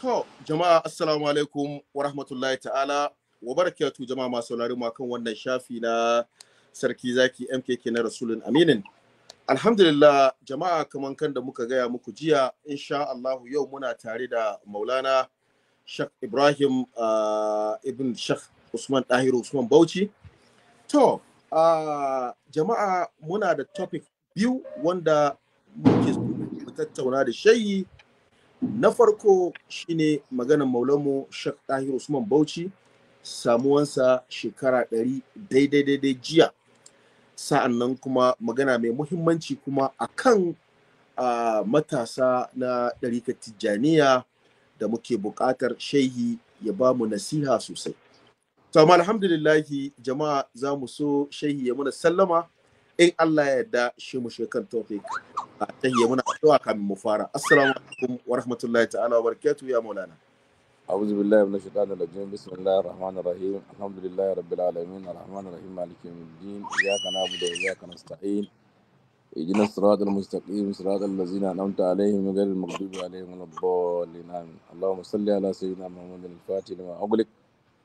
To, jama'a assalamu alaikum wa rahmatullahi ta'ala wa barakatu jama'a masu saurari ma kan wannan shafi na sarki zaki MKK na Rasulun Aminin. Alhamdulillah jama'a kaman kan da muka gaya muku jiya insha Allahu yau muna tare da Maulana Sheikh Ibrahim uh, ibn Sheikh Usman Dahir Usman Bauchi. To, uh, jama'a muna da topic biyu wanda muke tattauna da shayi na farko shine maganan Maulamu shek tahir usman bauchi samuwansa shekara ɗari daidai daidai jiya sa'an nan kuma magana mai muhimmanci kuma akan uh, matasa na ɗarikar tijjaniya da muke buƙatar shehi ya ba mu nasiha sosai. Sama alhamdulillahi jama'a za mu so shehi ya mana sallama in الله يدا yarda shi توفيق تهي tawfiq a tahiyya muna السلام عليكم ورحمة الله تعالى وبركاته يا مولانا أعوذ بالله من الشيطان الرجيم بسم الله الرحمن الرحيم الحمد لله رب العالمين الرحمن الرحيم مالك يوم الدين إياك نعبد وإياك نستعين اهدنا الصراط المستقيم صراط الذين انعمت عليهم غير المغضوب عليهم ولا الضالين امين اللهم صل على سيدنا محمد الفاتح لما اغلق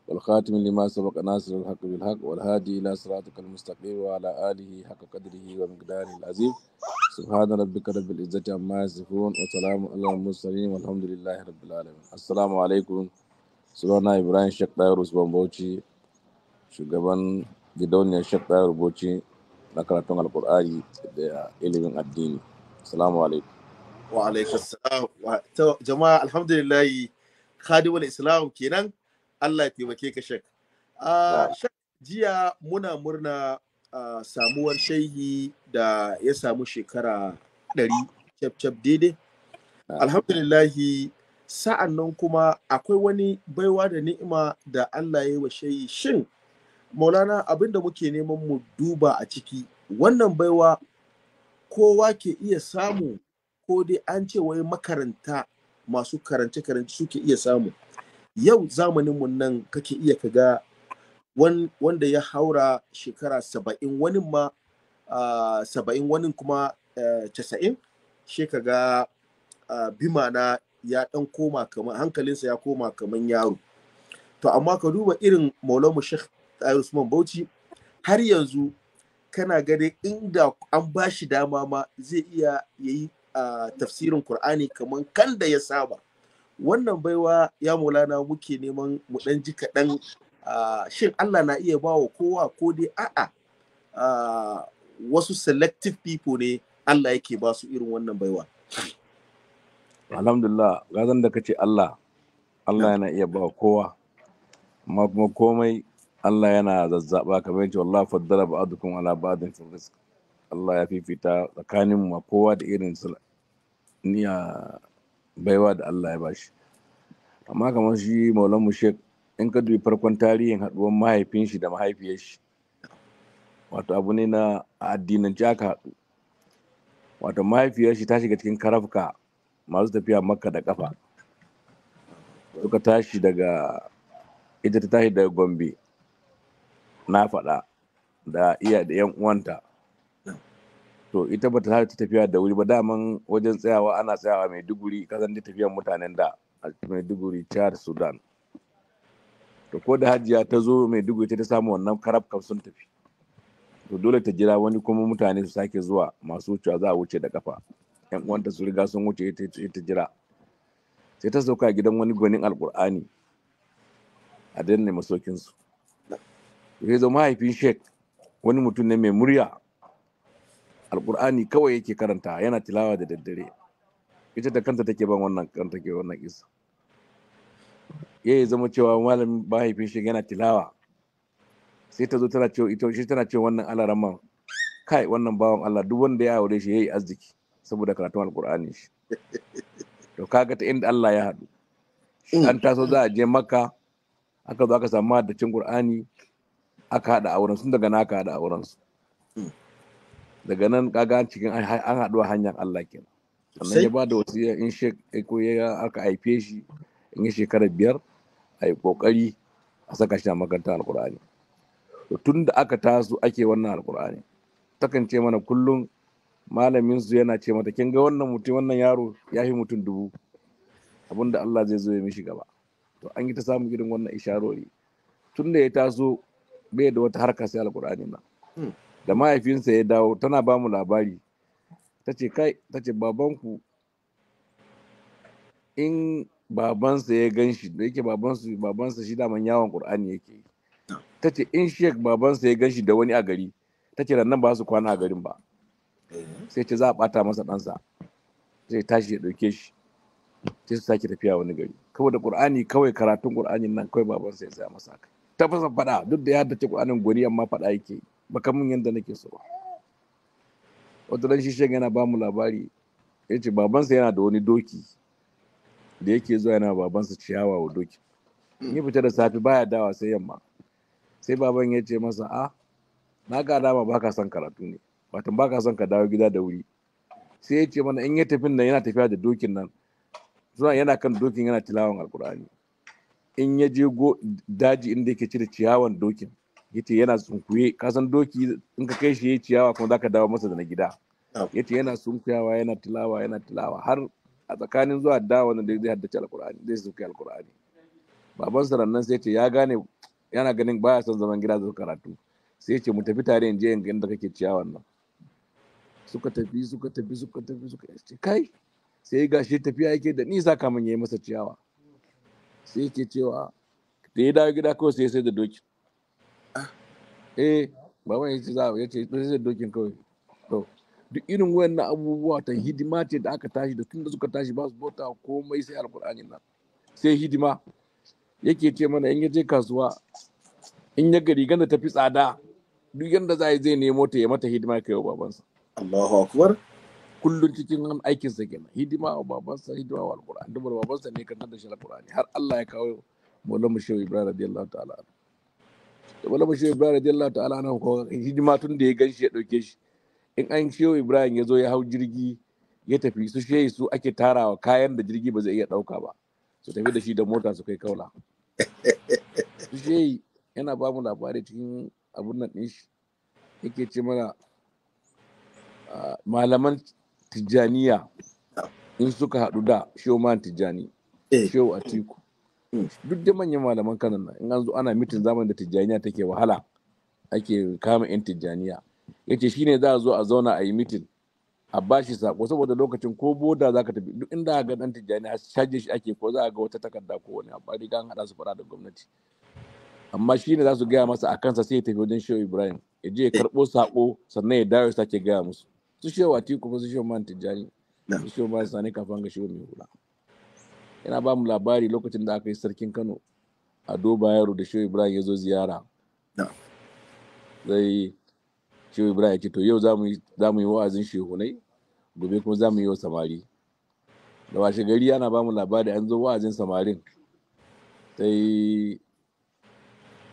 والخاتم لما سبق ناصر الحق بالحق والهادي إلى صراطك المستقيم وعلى آله حق قدره ومقداره العظيم سبحان ربك رب العزة عما يصفون وسلام على المرسلين والحمد لله رب العالمين السلام عليكم sunana ibrahim shek ɗayar usman bauchi shugaban gidauniyar shek ɗayar bauchi na karatun alkur'ani da ilimin addini wa alaikum jama'a alhamdulillah khadimul islam kenan Allah ya taimake ka shek jiya muna murna samuwar shehi da ya samu shekara ɗari cap daidai alhamdulillahi sa'an nan kuma akwai wani baiwa da ni'ima da Allah ya yi wa shehi shin maulana abin da muke neman mu duba a ciki wannan baiwa kowa ke iya samu ko dai an ce wai makaranta masu karance-karance suke iya samu yau zamanin mu nan kake iya ka ga wanda ya haura shekara saba'in wani ma saba'in wani kuma casa'in shi ka ga bimana ya ɗan koma kamar hankalinsa ya koma kamar yaro to amma ka duba irin maulamu sheikh usman bauchi har yanzu kana gani inda an ba shi dama ma zai iya yayi tafsirin Kur'ani kaman kan da ya saba wannan baiwa ya mulana muke neman mu dan ji kaɗan ah, shin Allah na iya ba kowa ko dai a'a ah, wasu selective people ne Allah yake ba su irin wannan baiwa alhamdulillah gazan da kace Allah Allah yana iya ba kowa amma kuma komai Allah yana zazzaba kamar yace wallahi faddala ba'dukum ala ba'din fi Allah ya fifita tsakanin mu kowa da irin niyya ah, baiwa da Allah ya bashi amma kamar shi mu shek in ka dubi farkon tarihin haɗuwar mahaifin shi da mahaifiyar shi wato abu ne na addinin aka haɗu wato mahaifiyar shi ta shiga cikin karafka masu tafiya makka da kafa suka tashi daga ita ta tashi daga gombe na faɗa da iya da yan uwanta to ita ba ta ta tafiya da wuri ba daman wajen tsayawa ana tsayawa mai duguri kasan da tafiyan mutanen da a mai duguri chad sudan to ko da hajiya ta zo mai duguri ta samu wannan karab sun tafi to dole ta jira wani kuma mutane su sake zuwa masu wucewa za a wuce da kafa yan uwanta su riga sun wuce ita jira sai ta sauka gidan wani gwanin alkur'ani a danne masokinsu sai zo mahaifin shek wani mutum ne mai murya alkur'ani kawai yake karanta yana tilawa da daddare ita da kanta take ban wannan kan take wannan isa ya zama cewa malamin mahaifin shi yana tilawa sai ta zo tana cewa ita shi tana cewa wannan alaraman kai wannan bawan Allah duk wanda ya aure shi yayi arziki saboda karatun alkur'ani shi to kaga ta inda Allah ya hadu. an taso za a je makka aka zo aka samu haddacin qur'ani aka haɗa auren sun daga naka haɗa auren su daga nan kaga cikin an haɗu a hanyar Allah kenan sannan ya ba da wasiya in ko ya aka haife shi in yi shekara biyar a yi kokari a saka shi a makarantar alkur'ani to tun da aka taso ake wannan alkur'ani takan ce mana kullum malamin su yana ce mata kin ga wannan mutum wannan yaro ya fi mutum dubu abinda Allah zai zo ya mishi gaba to an yi ta samun irin wannan isharori tun da ya taso bai da wata harka sai alkur'ani na. Hmm. da mahaifinsa ya dawo tana ba mu labari ta ce kai ta ce babanku in babansa ya gan shi da yake babansu babansa shi daman yawon qur'ani yake ta ce in shek babansa ya gan shi da wani a gari ta ce nan ba su kwana a garin ba eh. sai ce za a bata masa ɗansa sai tashi ya ɗauke shi sai su sake tafiya wani gari kawai da qur'ani kawai karatun qur'anin nan kawai babansa ya saya masa kai ta fasa faɗa duk da ya haddace qur'anin gori amma faɗa yake yi baka min yadda nake so wata ran shishen yana ba mu labari ya ce babansa yana da wani doki da yake zuwa yana babansa ciyawa wa doki in fita da safe baya dawa sai yamma sai baban ya ce masa a ah, na ga dama ka son karatu ne ba ka son ka dawo gida da wuri sai ya ce mana in ya tafi nan yana tafiya da dokin nan zuwa yana kan dokin yana tilawan alkur'ani in ya je daji inda yake cire ciyawan dokin yace yana sunkuye ka san doki in ka kai shi yayi ciyawa kuma zaka dawo masa da na gida yace yana sunkuyawa yana tilawa yana tilawa har a tsakanin zuwa da wannan da zai haddace alkur'ani zai sauke alkur'ani baban sa nan sai ce ya gane yana ganin baya son zaman gida da karatu sai ce mu tafi tare in je in ga inda kake ciyawan nan suka tafi suka tafi suka tafi suka ce kai sai ya gashi tafiya yake da nisa kamun yayi masa ciyawa sai yake cewa da ya dawo gida kawai sai sai da doki eh ba ya ce za ya ce zai dokin kawai to duk irin wayannan abubuwa ta hidima ce da aka tashi da tunda suka tashi ba su bota komai sai alkur'ani nan sai hidima yake ce mana in ya je kasuwa in ya gari ganda tafi tsada duk yanda za zai nemo ta ya mata hidima kai wa babansa Allahu akbar kullun cikin aikin sa kenan hidima wa babansa hidima wa alkur'ani dubar babansa ne kan da shi alkur'ani har Allah ya kawo mu Shehu Ibrahim radiyallahu ta'ala wani bashi ibrahim radiyallahu ta'ala anhu ko hidima tun da ya shi ya dauke shi in an shehu ibrahim ya zo ya hau jirgi ya tafi su shehi su ake tarawa kayan da jirgi ba zai iya dauka ba su tafi da shi da mota su kai kaula su shehi yana ba mu labari cikin abun nan din shi yake ce mana ah, malaman tijjaniya in suka haɗu da shehu man tijjani eh. shehu atiku duk da manyan malaman kanan nan in an zo ana mitin zamani da tijjaniya take wahala ake kama yan tijjaniya shi shine za a zo a zauna a yi mitin a bashi sako saboda lokacin ko boda za ka tafi duk inda ga dan tijjani a caje shi ake ko za a ga wata takarda ko wani abu riga an hada su fara da gwamnati amma ne za su gaya masa a kansa sai ya tafi wajen shehu ibrahim ya je ya karbo sako sannan ya dawo ya sake gaya musu su shehu tiku ko su shehu man tijjani su shehu man sani kafin ga shehu mai hula yana ba mu labari lokacin da aka yi sarkin kano a doba yaro da shehu ibrahim ya zo ziyara zai shehu ibrahim ya ce to yau za mu yi wa'azin shehunai gobe kuma za mu yi wa samari da washe gari ana ba mu labari an zo wa'azin samarin sai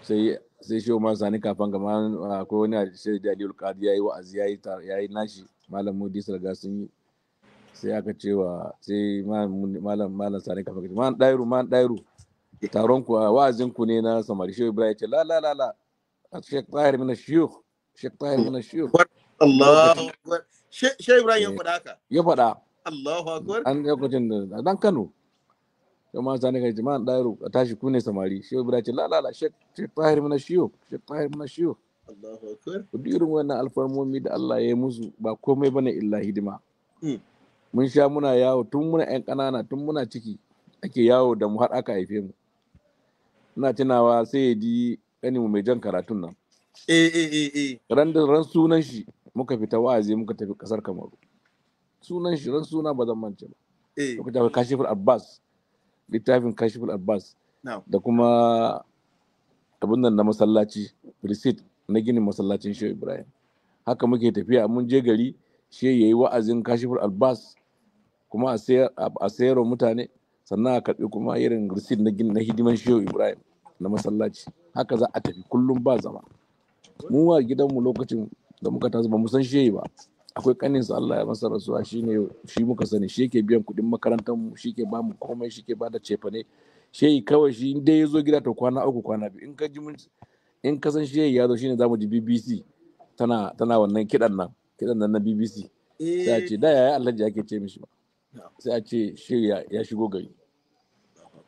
sai sai shehu ma sani kafan gama akwai wani a da aliyu ya yi wa'azi ya yi nashi malam mudi sarga sun yi sai aka cewa sai malam malam sani kafa kace man dairu man dairu taron ku ah, wa'azin ku ne na samari shehu ibrahim ce la la la la shek tahir min shiyukh shek tahir min Allahu akbar shehu ibrahim ya eh, faɗa haka ya faɗa Allahu akbar an dan Kano to ma sani kace man dairu a tashi ku ne samari shehu ibrahim ce la la la shek tahir min shiyukh shek tahir min shiyukh Allahu akbar irin wannan alfarmomi da Allah ya yi musu ba komai bane illa hidima hmm. mun sha muna yawo tun muna 'yan ƙanana tun muna ciki ake yawo da mu har aka haife mu ina tunawa sai ya ji mu mai jan karatun nan eh, eh, eh, ran ran sunan shi muka fita wa'azi muka tafi kasar kamaru sunan shi ran suna ba zan mance ba muka tafi kashiful abbas littafin kashiful abbas da kuma abin nan na masallaci receipt na ginin masallacin shehu ibrahim haka muke tafiya mun je gari shi yayi wa'azin kashiful Albas. kuma a sayar mutane sannan a karɓi kuma irin risit na hidiman shehu ibrahim na masallaci haka za a tafi kullum ba zama mu a gidanmu lokacin da muka tazu ba mu san Shehu ba akwai kanin sa Allah ya masa rasuwa shine shi muka sani shi yake biyan kuɗin makarantar mu shi ke bamu komai shi ke bada cefane Shehu kawai shi dai ya zo gida to kwana uku kwana biyu in ka ji mun in ka san Shehu ya zo shine zamu ji BBC tana tana wannan kidan nan kidan nan na BBC sai ce da yaya Allah ya ke ce mishi ba sai a ce shirya ya shigo gari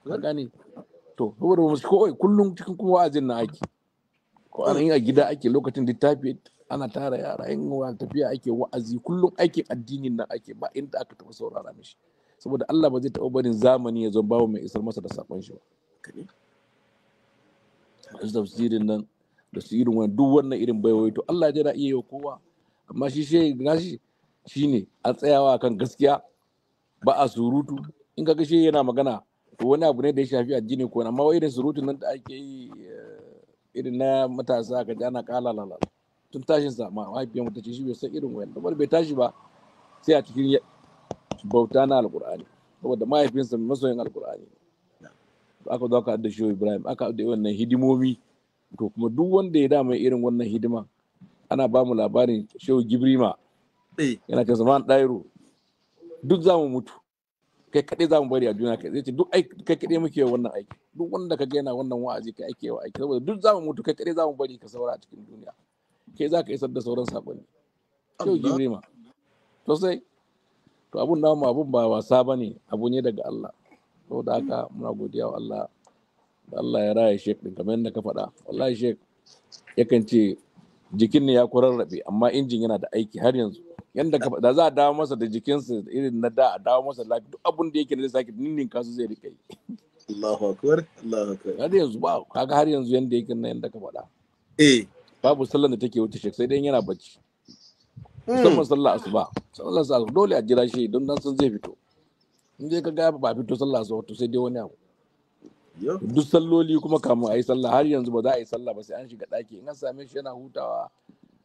ka gane to saboda mu kawai kullum cikin kuma wa'azin na ake ko an yi a gida ake lokacin littafi ana tara yara yin tafiya ake wa'azi kullum aikin addinin na ake ba inda aka tafi saurara mishi saboda Allah ba zai taɓa barin zamani ya zo bawa mai isar masa da sakon shi ba su tafsirin nan da su irin wani duk wannan irin baiwai to Allah ya a iya yi kowa amma shi shi na shi shine a tsayawa kan gaskiya ba a surutu in ka shi yana magana to wani abu ne da ya shafi addini ko amma wai irin surutun nan da ake yi eh, irin na matasa ka ji ana kala lala tun tashin sa ma mahaifiyar ta shi bai san irin wayan saboda bai tashi ba sai a cikin bauta na alkur'ani saboda mahaifinsa masoyin alkur'ani aka zo aka da shi ibrahim aka da wannan hidimomi to kuma duk wanda ya dama irin wannan hidima ana ba mu labarin shehu gibrima eh. yana kan zaman dairo duk za mu mutu kai kaɗai za mu bari a juna kai zai ce duk kai kaɗai muke wannan aiki duk wanda ka gaina wannan wa'azi kai ake wa aiki saboda duk za mu mutu kai kaɗai za mu bari ka saura a cikin duniya kai za ka isar da sauran saƙonni kyau jirima to sai to abun mu abun ba wasa ba ne abu ne daga Allah saboda haka muna godiya wa Allah da Allah ya raya shek din kamar yadda ka faɗa wallahi shek yakan ce jikin ne ya kurarrabe amma injin yana da aiki har yanzu yanda ka da za a dawo masa da jikinsa irin na da a dawo masa lafi duk abin da yake na sake ninnin kasu zai rika yi Allahu akbar Allahu akbar har yanzu ba kaga har yanzu yanda yake na yanda ka faɗa eh babu sallar da take wuce sai dai yana bacci hmm. musamman sallar asuba sallar asuba dole a jira shi don dan san zai fito in dai ga ba fito sallar asuba to sai dai wani abu duk salloli kuma kamun a yi sallah har yanzu ba za a yi sallah ba sai an shiga ɗaki in an same shi yana hutawa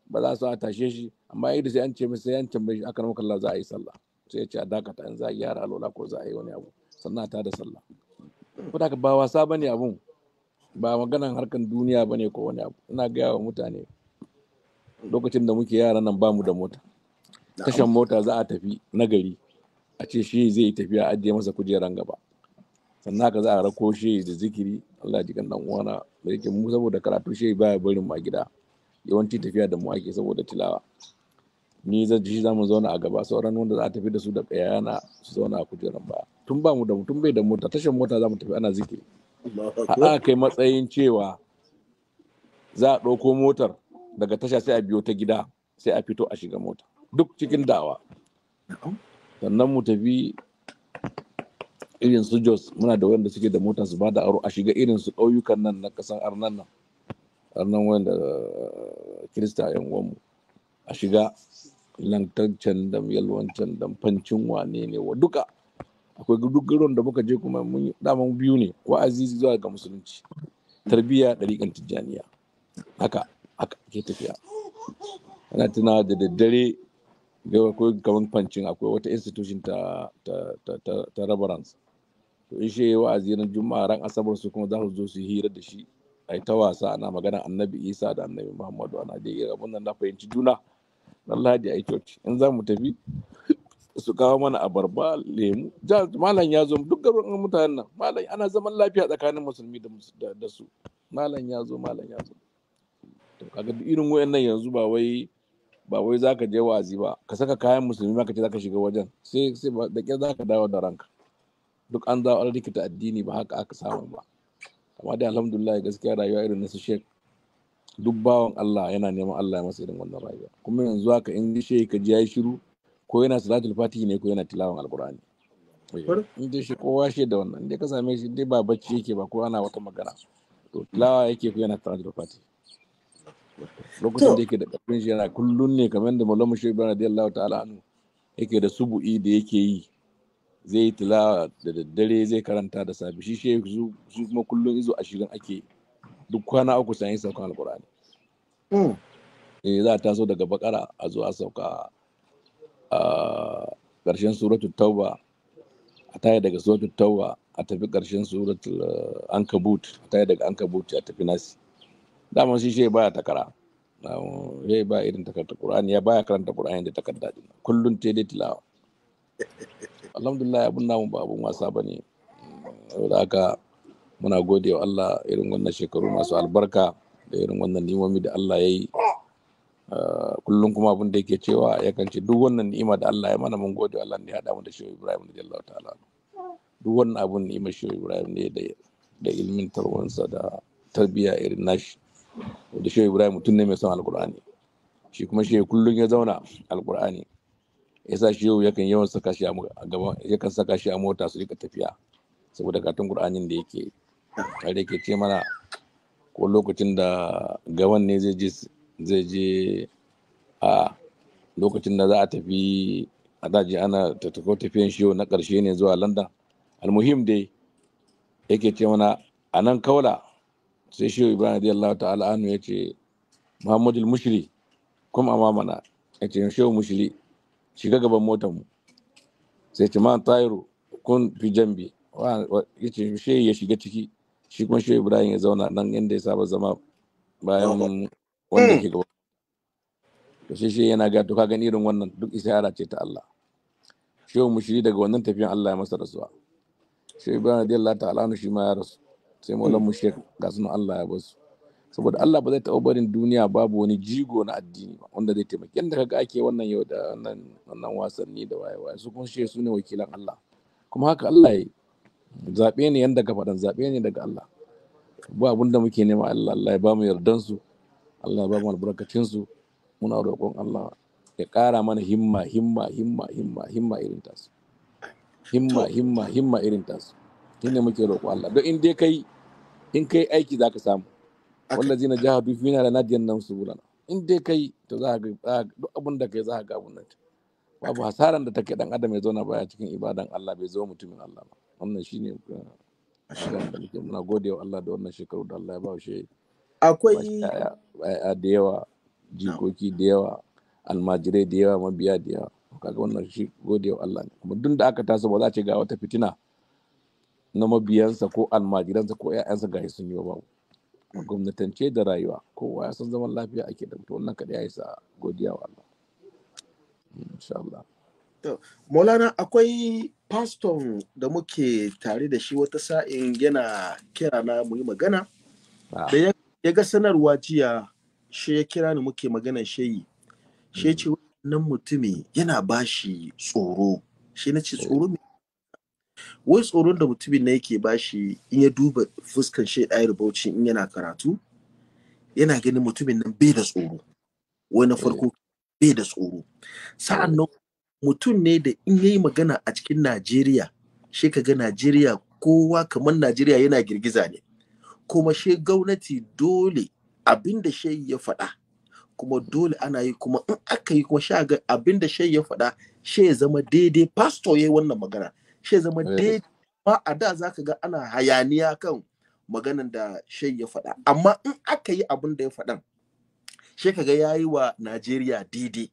ba za su a tashe shi amma idan sai an ce masa yan tambaye shi aka nan za a yi sallah sai ya ce a dakata in za a gyara alola ko za a yi wani abu sannan ta da sallah ko da ba wasa bane abun ba maganan harkan duniya bane ko wani abu ina gaya wa mutane lokacin da muke yara nan ba mu da mota tashan mota za a tafi na gari a ce shi zai yi tafiya a ajiye masa kujeran gaba sannan haka za a rako shi da zikiri Allah jikan dan uwana da yake mu saboda karatu shi baya barin ma gida yawanci tafiya da mu ake saboda tilawa ni zan shi za mu zauna a gaba sauran wanda za a tafi da su da kayana su zauna a kujeran ba tun ba mu da mutum bai da mota tashar mota za mu tafi ana zikiri a kai matsayin cewa za a ɗauko motar daga tasha sai a biyo ta gida sai a fito a shiga mota duk cikin dawa sannan mu tafi irin su jos muna da wanda suke da mota su ba da aro a shiga irin su ƙauyukan nan na ƙasan arnan nan arnan wanda eh, kirista yan uwanmu a shiga lantarcen da yalwancan da fancin wane ne wa duka akwai duk garon da muka je kuma mun daman biyu ne wa'azi zuwa ga musulunci tarbiyya da ɗariƙan tijjaniya haka haka ke tafiya ana tuna da daddare ga akwai kamar fancin akwai wata institution ta ta ta ta, to in sha wa'azi na juma'a ran asabar su kuma za su zo su hira da shi ai ta wasa ana magana annabi isa da annabi muhammadu ana jirgin irin abin na fahimci juna Allah da ai coci. in za mu tafi su kawo mana abarba lemu malam ya zo duk gaban mutanen nan malam ana zaman lafiya tsakanin musulmi da su malam ya zo malam ya zo to kaga duk irin wayannan yanzu ba wai ba wai zaka je wazi ba ka saka kayan musulmi ma ka ce zaka shiga wajen sai sai da za zaka dawo da ranka duk an dawo an rikita addini ba haka aka samu ba amma da alhamdulillah gaskiya rayuwa irin na su shek duk bawan Allah yana neman Allah ya masa irin wannan rayuwa kuma yanzu haka in shi ka ji ya shiru ko yana salatul fatihi ne ko yana tilawan alqur'ani eh, in dai shi kowa shi da wannan dai ka same shi dai ba bacci yake ba ko ana wata magana to tilawa yake ko yana salatul fatihi lokacin da yake da karfin shi yana kullun ne kamar da malamu shehu ibrahim radiyallahu ta'ala anhu yake da subu'i da yake yi zai yi tilawa da daddare zai karanta da safe shi shi su kuma kullum izo ashirin ake duk kwana uku sai yi saukan alkur'ani hmm. eh za a taso daga bakara a zo a sauka a ƙarshen suratul tauba a taya daga suratul tauba a tafi ƙarshen suratul eh, ankabut a taya daga ankabut a tafi nasi dama shi shi baya takara ya ba irin takarta qur'ani ya baya karanta qur'ani da takarda kullum kullun te dai tilawa alhamdulillah abin namu ba abun wasa ba ne saboda haka muna gode wa Allah irin wannan shekaru masu albarka da irin wannan ni'imomi da Allah ya yi ah, kullum kuma abin da yake cewa ya kance duk wannan ni'ima da Allah ya mana mun gode Allah ne ya haɗa mu da Shehu Ibrahim da Jallahu ta'ala duk wannan abun ni'imar Shehu Ibrahim ne da da ilmin tarwansa da tarbiyya irin nashi da Shehu Ibrahim mutum ne mai son alkur'ani shi kuma Shehu kullum ya zauna alkur'ani yasa shi yau yakan yawan saka shi a gaba yakan saka shi a mota su rika tafiya saboda katon qur'anin da yake tare yake ce mana ko lokacin da gaban ne zai je zai je a lokacin da za a tafi a daji ana tattako tafiyan shi na ƙarshe ne zuwa london almuhim dai yake ce mana a nan kaula sai shi ibrahim radiyallahu ta'ala anhu ya ce muhammadul mushri kuma mana ya ce shehu mushri shiga gaban motar mu sai ce man tayiro kun fi jambi yace she ya shiga ciki shi kuma she ibrahim ya zauna nan inda ya saba zama bayan wanda mm. ke gaba to sai she yana ga to ka gani irin wannan duk isara ce ta Allah mu shiri daga wannan tafiyan Allah ya masa rasuwa shehu ibrahim radiyallahu ta'ala shi ma ya rasu sai mu maulan mm. mushrik ga sunan Allah ya basu saboda Allah ba zai taɓa barin duniya babu wani jigo na addini ba wanda zai taimaki yadda kaga ake wannan yau da wannan wasanni da waye waye su kuma su ne wakilan Allah kuma haka Allah ya zaɓe ne yadda ka faɗan zaɓe ne daga Allah ba abin da muke nema Allah Allah ya bamu yardan su Allah ya bamu su muna roƙon Allah ya ƙara mana himma himma himma himma himma irin tasu himma himma himma irin tasu shine muke roƙo Allah don in dai kai in kai aiki zaka samu jaha jahadu fina da nadiyan subulana in dai kai to za ka ga duk abin da kai za ka ga abin nan babu hasaran da take dan adam ya zauna baya cikin ibadan Allah bai zo mutumin Allah ba wannan shine uh, muna gode wa Allah da wannan shekaru da Allah ya ba shi akwai da yawa jikoki da yawa almajirai da yawa mabiya da yawa kaga wannan shi gode wa Allah ne kuma duk da aka taso ba za a ce ga wata fitina na mabiyansa ko almajiransa ko 'ya'yansa ga sun yi babu a gwamnatance da rayuwa kowa ya san zaman lafiya ake da to wannan kaɗai ya sa godiya wa Allah hmm, insha Maulana akwai paston da muke tare da shi wata sa'in yana kira na mu yi magana ah. da ya ga sanarwa jiya shi ya kira ni muke magana shayi shi ya hmm. ce wannan mutumi yana bashi tsoro shi na ce eh. tsoro mai wai tsoron da mutumin na yake bashi in ya duba fuskan shi ɗaya rubauci in yana karatu yana ganin mutumin nan bai da tsoro wai na eh. farko bai da tsoro sa'an mutum ne da in yayi magana a cikin najeriya shi ga najeriya kowa kamar najeriya yana girgiza ne kuma shi gwamnati dole abinda shi ya faɗa kuma dole ana yi kuma in aka yi kuma sha ga abin da ya faɗa shai ya zama daidai pastor ya wannan magana shi zama eh. daidai ma a da za ka ga ana hayaniya kan maganan da shai ya faɗa amma in aka yi abin da ya faɗan shi ga ya yi wa Najeriya daidai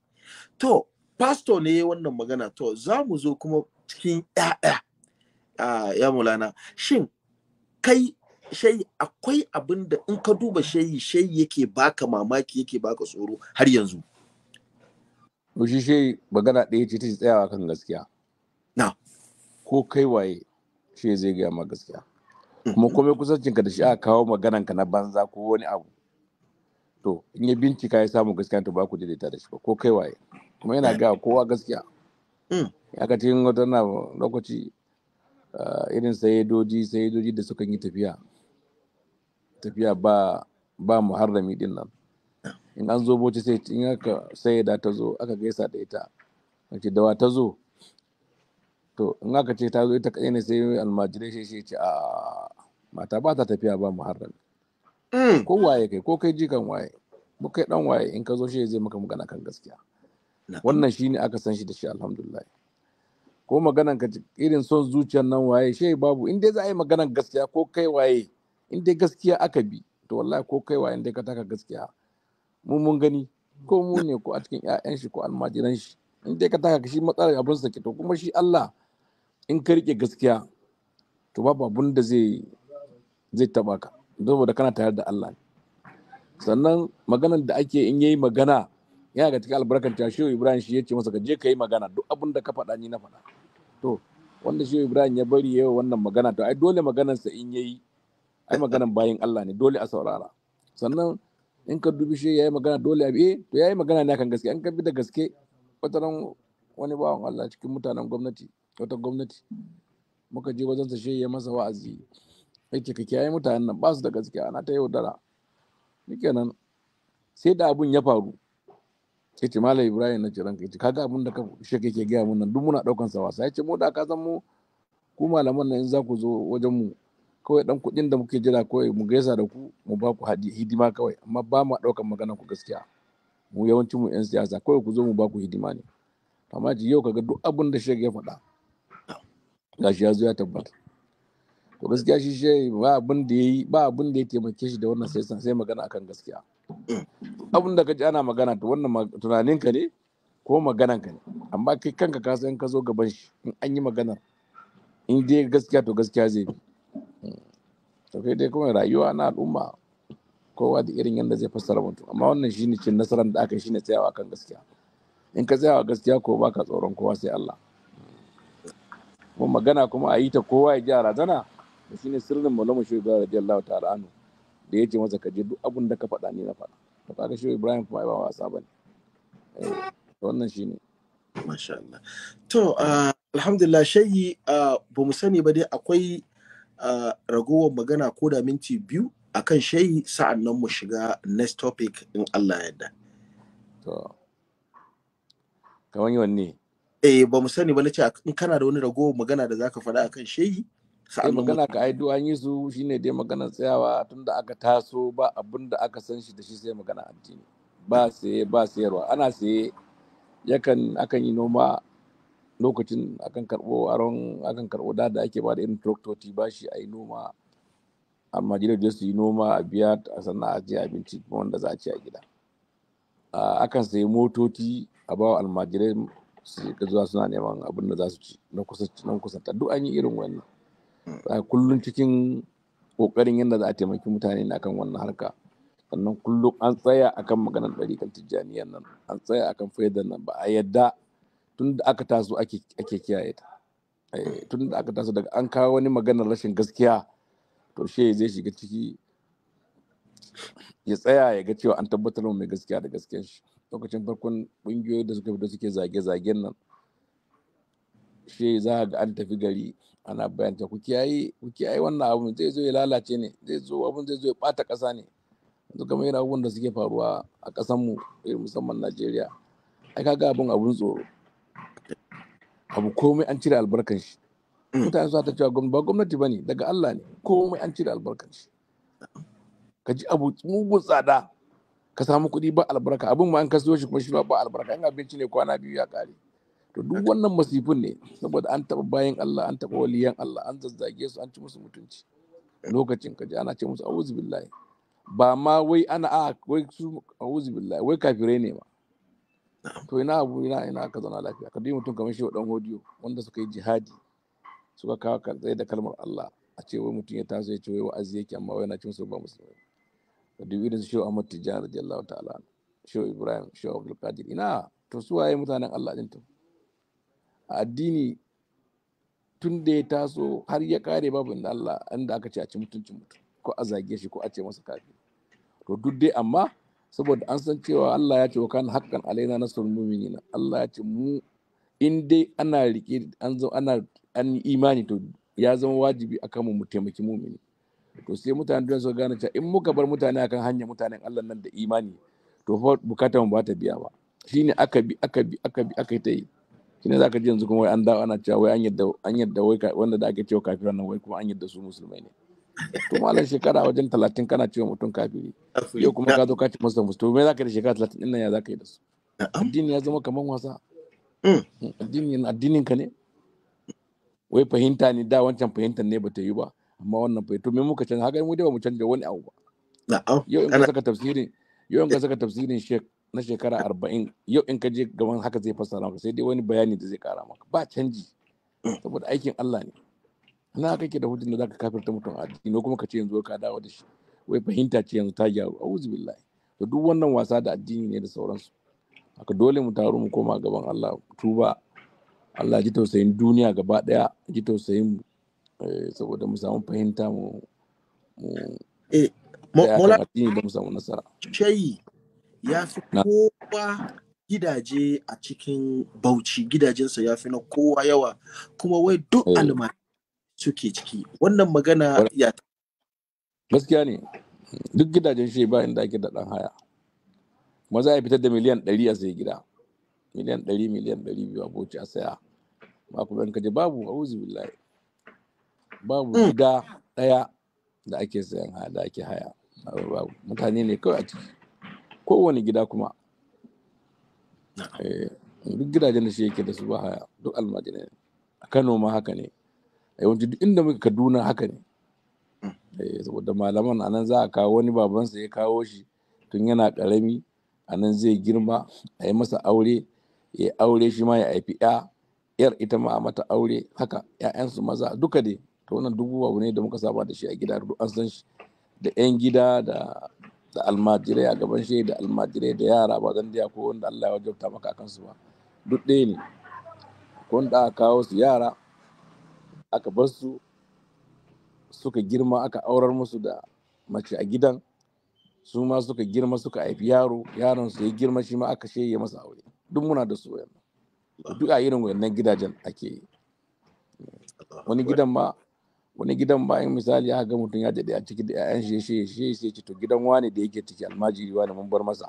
to pastor ne wannan magana to za mu zo kuma cikin ya'ya ya mulana shin kai shai akwai abin da in ka duba shai shai yake baka mamaki yake baka tsoro har yanzu shi shai magana ɗaya ce ta tsayawa kan gaskiya ko kai waye shi zai gaya ma gaskiya mm-hmm. kuma komai kusancinka da shi aka kawo maganarka na banza ko wani abu to in ya bincika ya samu gaskiya to ba ku daidaita da shi ba ko kai waye kuma yana ga kowa gaskiya ya mm. ka cikin wata na lokaci ah, irin sayedoji sayedoji da sukan yi tafiya tafiya ba ba muharrami din nan in an zo boci sai in aka sai da ta zo aka gaisa da ita wace dawa ta zo to in aka ce ta zo ita kaɗai ne sai almajirai shi shi ce a mata ba ta tafiya ba muharram mm. ko waye kai ko kai jikan waye mu kai dan waye in ka zo shi zai maka magana kan gaskiya wannan shi ne aka san shi da shi alhamdulillah ko maganan ka irin son zuciyar nan waye shi babu in dai za a yi maganan gaskiya ko kai waye in dai gaskiya aka bi to wallahi ko kai waye in dai ka taka gaskiya mu mun gani ko mu ne ko a cikin ƴaƴan shi ko almajiran shi in dai ka taka shi matsalar abin sa to kuma shi Allah in ka rike gaskiya to babu abun da zai zai taba ka saboda kana tare da Allah sannan maganar da ake in yayi magana yana ga cikin albarkar ta shehu ibrahim shi yace masa ka je ka yi magana duk abun da ka faɗa ni na faɗa to wanda shehu ibrahim ya bari yau wannan magana to ai dole sa in yayi ai maganar bayin Allah ne dole a saurara sannan in ka dubi shi yayi magana dole a bi eh, to yayi magana ne kan gaske an ka bi da gaske wataran wani bawan Allah cikin mutanen gwamnati wata gwamnati muka je wajen sa ya masa wa'azi yake ka kiyaye mutanen nan ba su da gaskiya ana ta yaudara nan sai da abun ya faru sai ce malam ibrahim na ciran ka kaga abun da ka shi kake gaya mun nan duk muna daukan sa wasa yace mu da ka san mu ku malaman nan in za ku zo wajen mu kawai dan kuɗin da muke jira kawai mu gaisa da ku mu ba ku hidima kawai amma ba mu daukan magana ku gaskiya mu yawancin mu yan siyasa kawai ku zo mu ba ku hidima ne amma yau ga duk abun da shi ya faɗa gashi ya zo ya tabbata to gaskiya shi shi ba abin da yayi ba abin da ya taimake shi da wannan sai sai magana akan gaskiya abin da kaji ana magana to wannan tunanin ka ne ko maganan ka ne amma kai kanka ka san ka zo gaban shi in an yi maganar in dai gaskiya to gaskiya zai bi to kai dai kuma rayuwa na al'umma kowa da irin yadda zai fassara mutum amma wannan shine cin nasarar da aka shine tsayawa kan gaskiya in ka tsayawa gaskiya ko baka tsoron kowa sai Allah kuma magana kuma a yi ta kowa ya ji zana Da da shine sirrin maulama shehu ibrahim radiyallahu ta'ala anhu da ya ce masa ka je duk abin da ka faɗa ni na faɗa to kaga shehu ibrahim kuma ba wasa bane eh wannan shine masha Allah to ah, alhamdulillah shayi ah, ba mu sani ba dai akwai ah, ragowar magana ko da minti biyu akan shayi sa'an nan mu shiga next topic in Allah yadda to kamar yawan ne eh ba mu sani ba na ce in kana da wani ragowa magana da zaka faɗa akan shehi sai eh, magana ka aidu an yi su shine dai maganar tsayawa tunda aka taso ba abin da aka san shi da shi sai magana addini ba saye ba sayarwa ana saye yakan akan yi noma lokacin akan karbo aron akan karbo da da ake bada irin tractoti ba shi a yi noma amma gidan da su yi noma a biya a sannan a je abinci wanda za a ci a gida akan sayi motoci a bawa almajirai su zuwa suna neman abin da za su ci na kusa duk an yi irin wannan hmm. a kullum cikin kokarin yadda za a taimaki mutane na kan wannan harka sannan kullum an tsaya akan maganar ɗarikan tijjaniyar nan an tsaya akan faidar nan ba a yadda tun da aka taso ake kiyaye ta eh, hmm. tun da aka taso daga an kawo wani maganar rashin gaskiya to shi zai shiga ciki ya tsaya ya ga cewa an tabbatar mai gaskiya da gaskiyar shi lokacin farkon ƙungiyoyi da suka fito suke zage-zagen nan shi za ga an tafi gari ana bayanta ku kiyaye ku kiyaye wannan abun zai zo ya lalace ne zai zo abun zai zo ya bata ƙasa ne yanzu kamar yana abubuwan da suke faruwa a ƙasar mu irin musamman Najeriya ai kaga abun abun tsoro abu komai an cire albarkan shi mutane su ta cewa ba gwamnati ba ne, daga Allah ne komai an cire albarkan shi ka ji abu mugun tsada ka samu kuɗi ba albarka abin ma an ka siyo shi kuma shi ba albarka in abinci ne kwana biyu ya kare to duk wannan masifin ne saboda an taɓa bayan Allah an taɓa waliyan Allah an zazzage su an ci musu mutunci lokacin ka ji ana ce musu auzu billahi ba ma wai ana a wai su auzu billahi wai kafirai ne ma to ina abu ina ina ka zauna lafiya ka mutum kamar shi dan hodiyo wanda suka yi jihadi suka kawo tsaye da kalmar Allah a ce wai mutum ya taso ya ce wai wa'azi yake amma wai yana cin su ba musulmi ka dubi shehu Ahmad Tijjani radiyallahu ta'ala shehu Ibrahim shehu Abdul Qadir ina to su waye mutanen Allah din to addini tun da ya taso har ya kare babu inda Allah inda aka ce a ci mutuncin mutum ko a zage shi ko a ce masa kafi to duk dai amma saboda an san cewa Allah ya ce wa kana haƙƙan alaina nasrul mu'minina Allah ya ce mu in dai ana rike an zo ana an imani to ya zama wajibi akan mu mu taimaki mu'mini to sai mutane don su gane cewa in muka bar mutane akan hanyar mutanen Allah nan da imani to fa bukata mu ba ta biya ba shine aka bi aka bi aka bi aka ta yi shine zaka ji yanzu kuma wai an dawo ana cewa wai an yadda an yadda wai wanda da ake cewa kafiran nan wai kuma an yadda su musulmai ne to malam shekara wajen 30 kana cewa mutum kafiri yau kuma ka zo ka ce masa to me zaka da shekara 30 din nan ya zaka yi da su addini ya zama kaman wasa mm. addinin addinin ka ne wai fahimta ne da wancan fahimtar ne bata yi ba amma wannan fai to me muka canza haka mu dai ba mu canza wani abu ba yau in ka saka tafsirin yau in ka saka tafsirin na shekara arba'in yau in ka je gaban haka zai fassara maka sai dai wani bayani da zai kara maka ba canji mm. saboda aikin Allah ne na kake da hujjar da zaka kafirta mutum a addini kuma ka ce yanzu ka dawo da shi wai fahimta ce yanzu ta gyaru auzu billahi to duk wannan wasa da addini ne da sauransu haka dole mu taru mu koma gaban Allah tuba Allah ji tausayin duniya gaba daya ji tausayin mu Eh, saboda mu samu fahimta mu mu eh, samu nasara. Shayi ya fi kowa gidaje a cikin Bauchi gidajensa ya fi na kowa yawa kuma wai duk eh. alma suke ciki wannan magana ya gaskiya ne duk gidajen shi ba inda ake da dan haya maza ya fitar da miliyan ɗari a sai gida miliyan ɗari miliyan ɗari biyu a Bauchi a saya ba kuma in kaje babu auzu billahi babu mm. gida ɗaya da ake sayan haya da ake haya mutane ne kawai a ciki kowane gida kuma eh, duk gidajen da shi yake da su ba haya duk almajirai ne a kano ma haka ne yawanci duk inda muka kaduna haka ne mm. eh, saboda malaman a nan za a kawo wani babansa ya kawo shi tun yana karami a nan zai girma a yi masa aure ya aure shi ma ya haifi 'ya 'yar ita ma mata aure haka 'ya'yansu maza duka dai to wannan dubu abu ne da muka saba da shi a gida an san shi da 'yan gida da da almajirai a gaban shi da almajirai da yara ba zan ko wanda Allah ya wajabta maka akan su ba duk ɗaya ne ko wanda aka kawo su yara aka bar su suka girma aka aurar musu da mace a gidan su ma suka girma suka haifi yaro yaron su ya girma shi ma aka sheye masa aure duk muna da su wayannan duk a irin wannan gidajen ake yi wani gidan ma wani gidan bayan misali ya ga mutum ya daɗe a ciki da 'ya'yan shi shi shi shi ce to gidan wani da yake ciki almajiri wani mun bar masa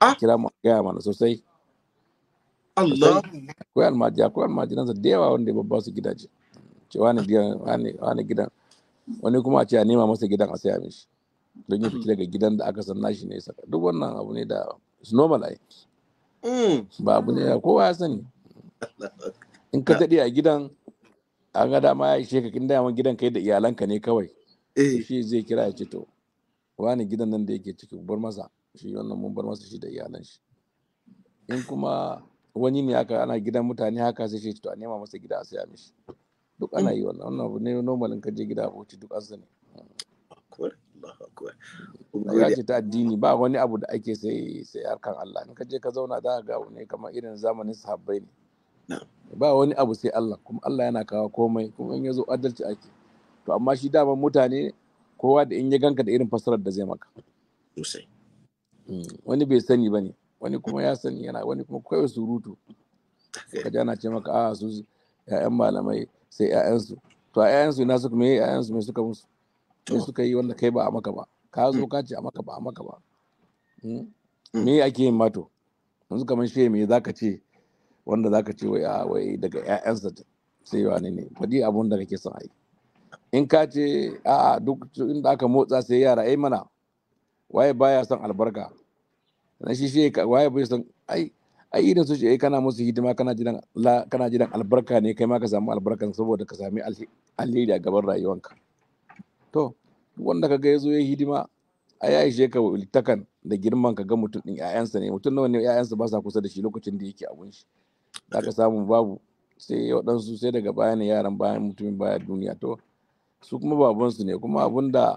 a ah! kira mu gaya mana sosai Allah akwai almajiri akwai almajiransa da yawa wanda ya babba su gidaje ce wani gidan wani gidan wani kuma a ce a nema masa gidan a saya mishi don ya fita daga gidan da aka san nashi ne saka duk wannan abu ne da is normal ai mm. ba abu ne kowa ya sani in ka daɗe a gidan an ga dama ya ishe ka kin daman gidan kai da iyalanka ne kawai eh. shi zai kira ya ce to wani gidan nan da yake cikin bar masa shi wannan mun bar masa shi da iyalan shi in kuma wani ne haka ana gidan mutane haka sai shi to a nema masa gida a saya mishi duk ana yi wannan wannan abu ne normal in ka je gida a duk azza ne ya ce ta addini ba wani abu da ake sai sai harkan Allah in ka je ka zauna da ga ne kamar irin zamanin sahabbai ne ba wani abu sai Allah kuma Allah yana kawo komai kuma in ya zo adalci ake to amma shi dama mutane kowa da in ya ganka da irin fasarar da zai maka mm, wani bai sani bane wani kuma ya sani yana wani kuma kawai surutu ka jana ce maka a ah, su ƴaƴan malamai sai ƴaƴansu to ƴaƴansu na suka me ƴaƴansu mai suka musu me suka yi wanda kai ba a maka ba ka zo ka ce a maka ba a maka ba mm? Mm. me ake yin mato yanzu kamar shi me zaka ce wanda za ka ce wai ah, wai daga ƴaƴansa sai wani ne faɗi abun da kake son a in ka ce a'a duk inda aka motsa sai yara ai mana waye baya son albarka na shi shi waye bai son ai ai da su ce kana musu hidima kana jiran kana albarka ne kai ma ka samu albarkan saboda ka sami alheri a gaban rayuwanka to wanda kaga yazo yayi hidima ai ya ishe ka takan da girman ka ga mutum din ƴaƴansa ne mutum nawa ne ƴaƴansa ba sa kusa da shi lokacin da yake abun shi Da ka samu babu sai waɗansu sai daga bayan yaran bayan mutumin baya duniya to su kuma babansu ne kuma abinda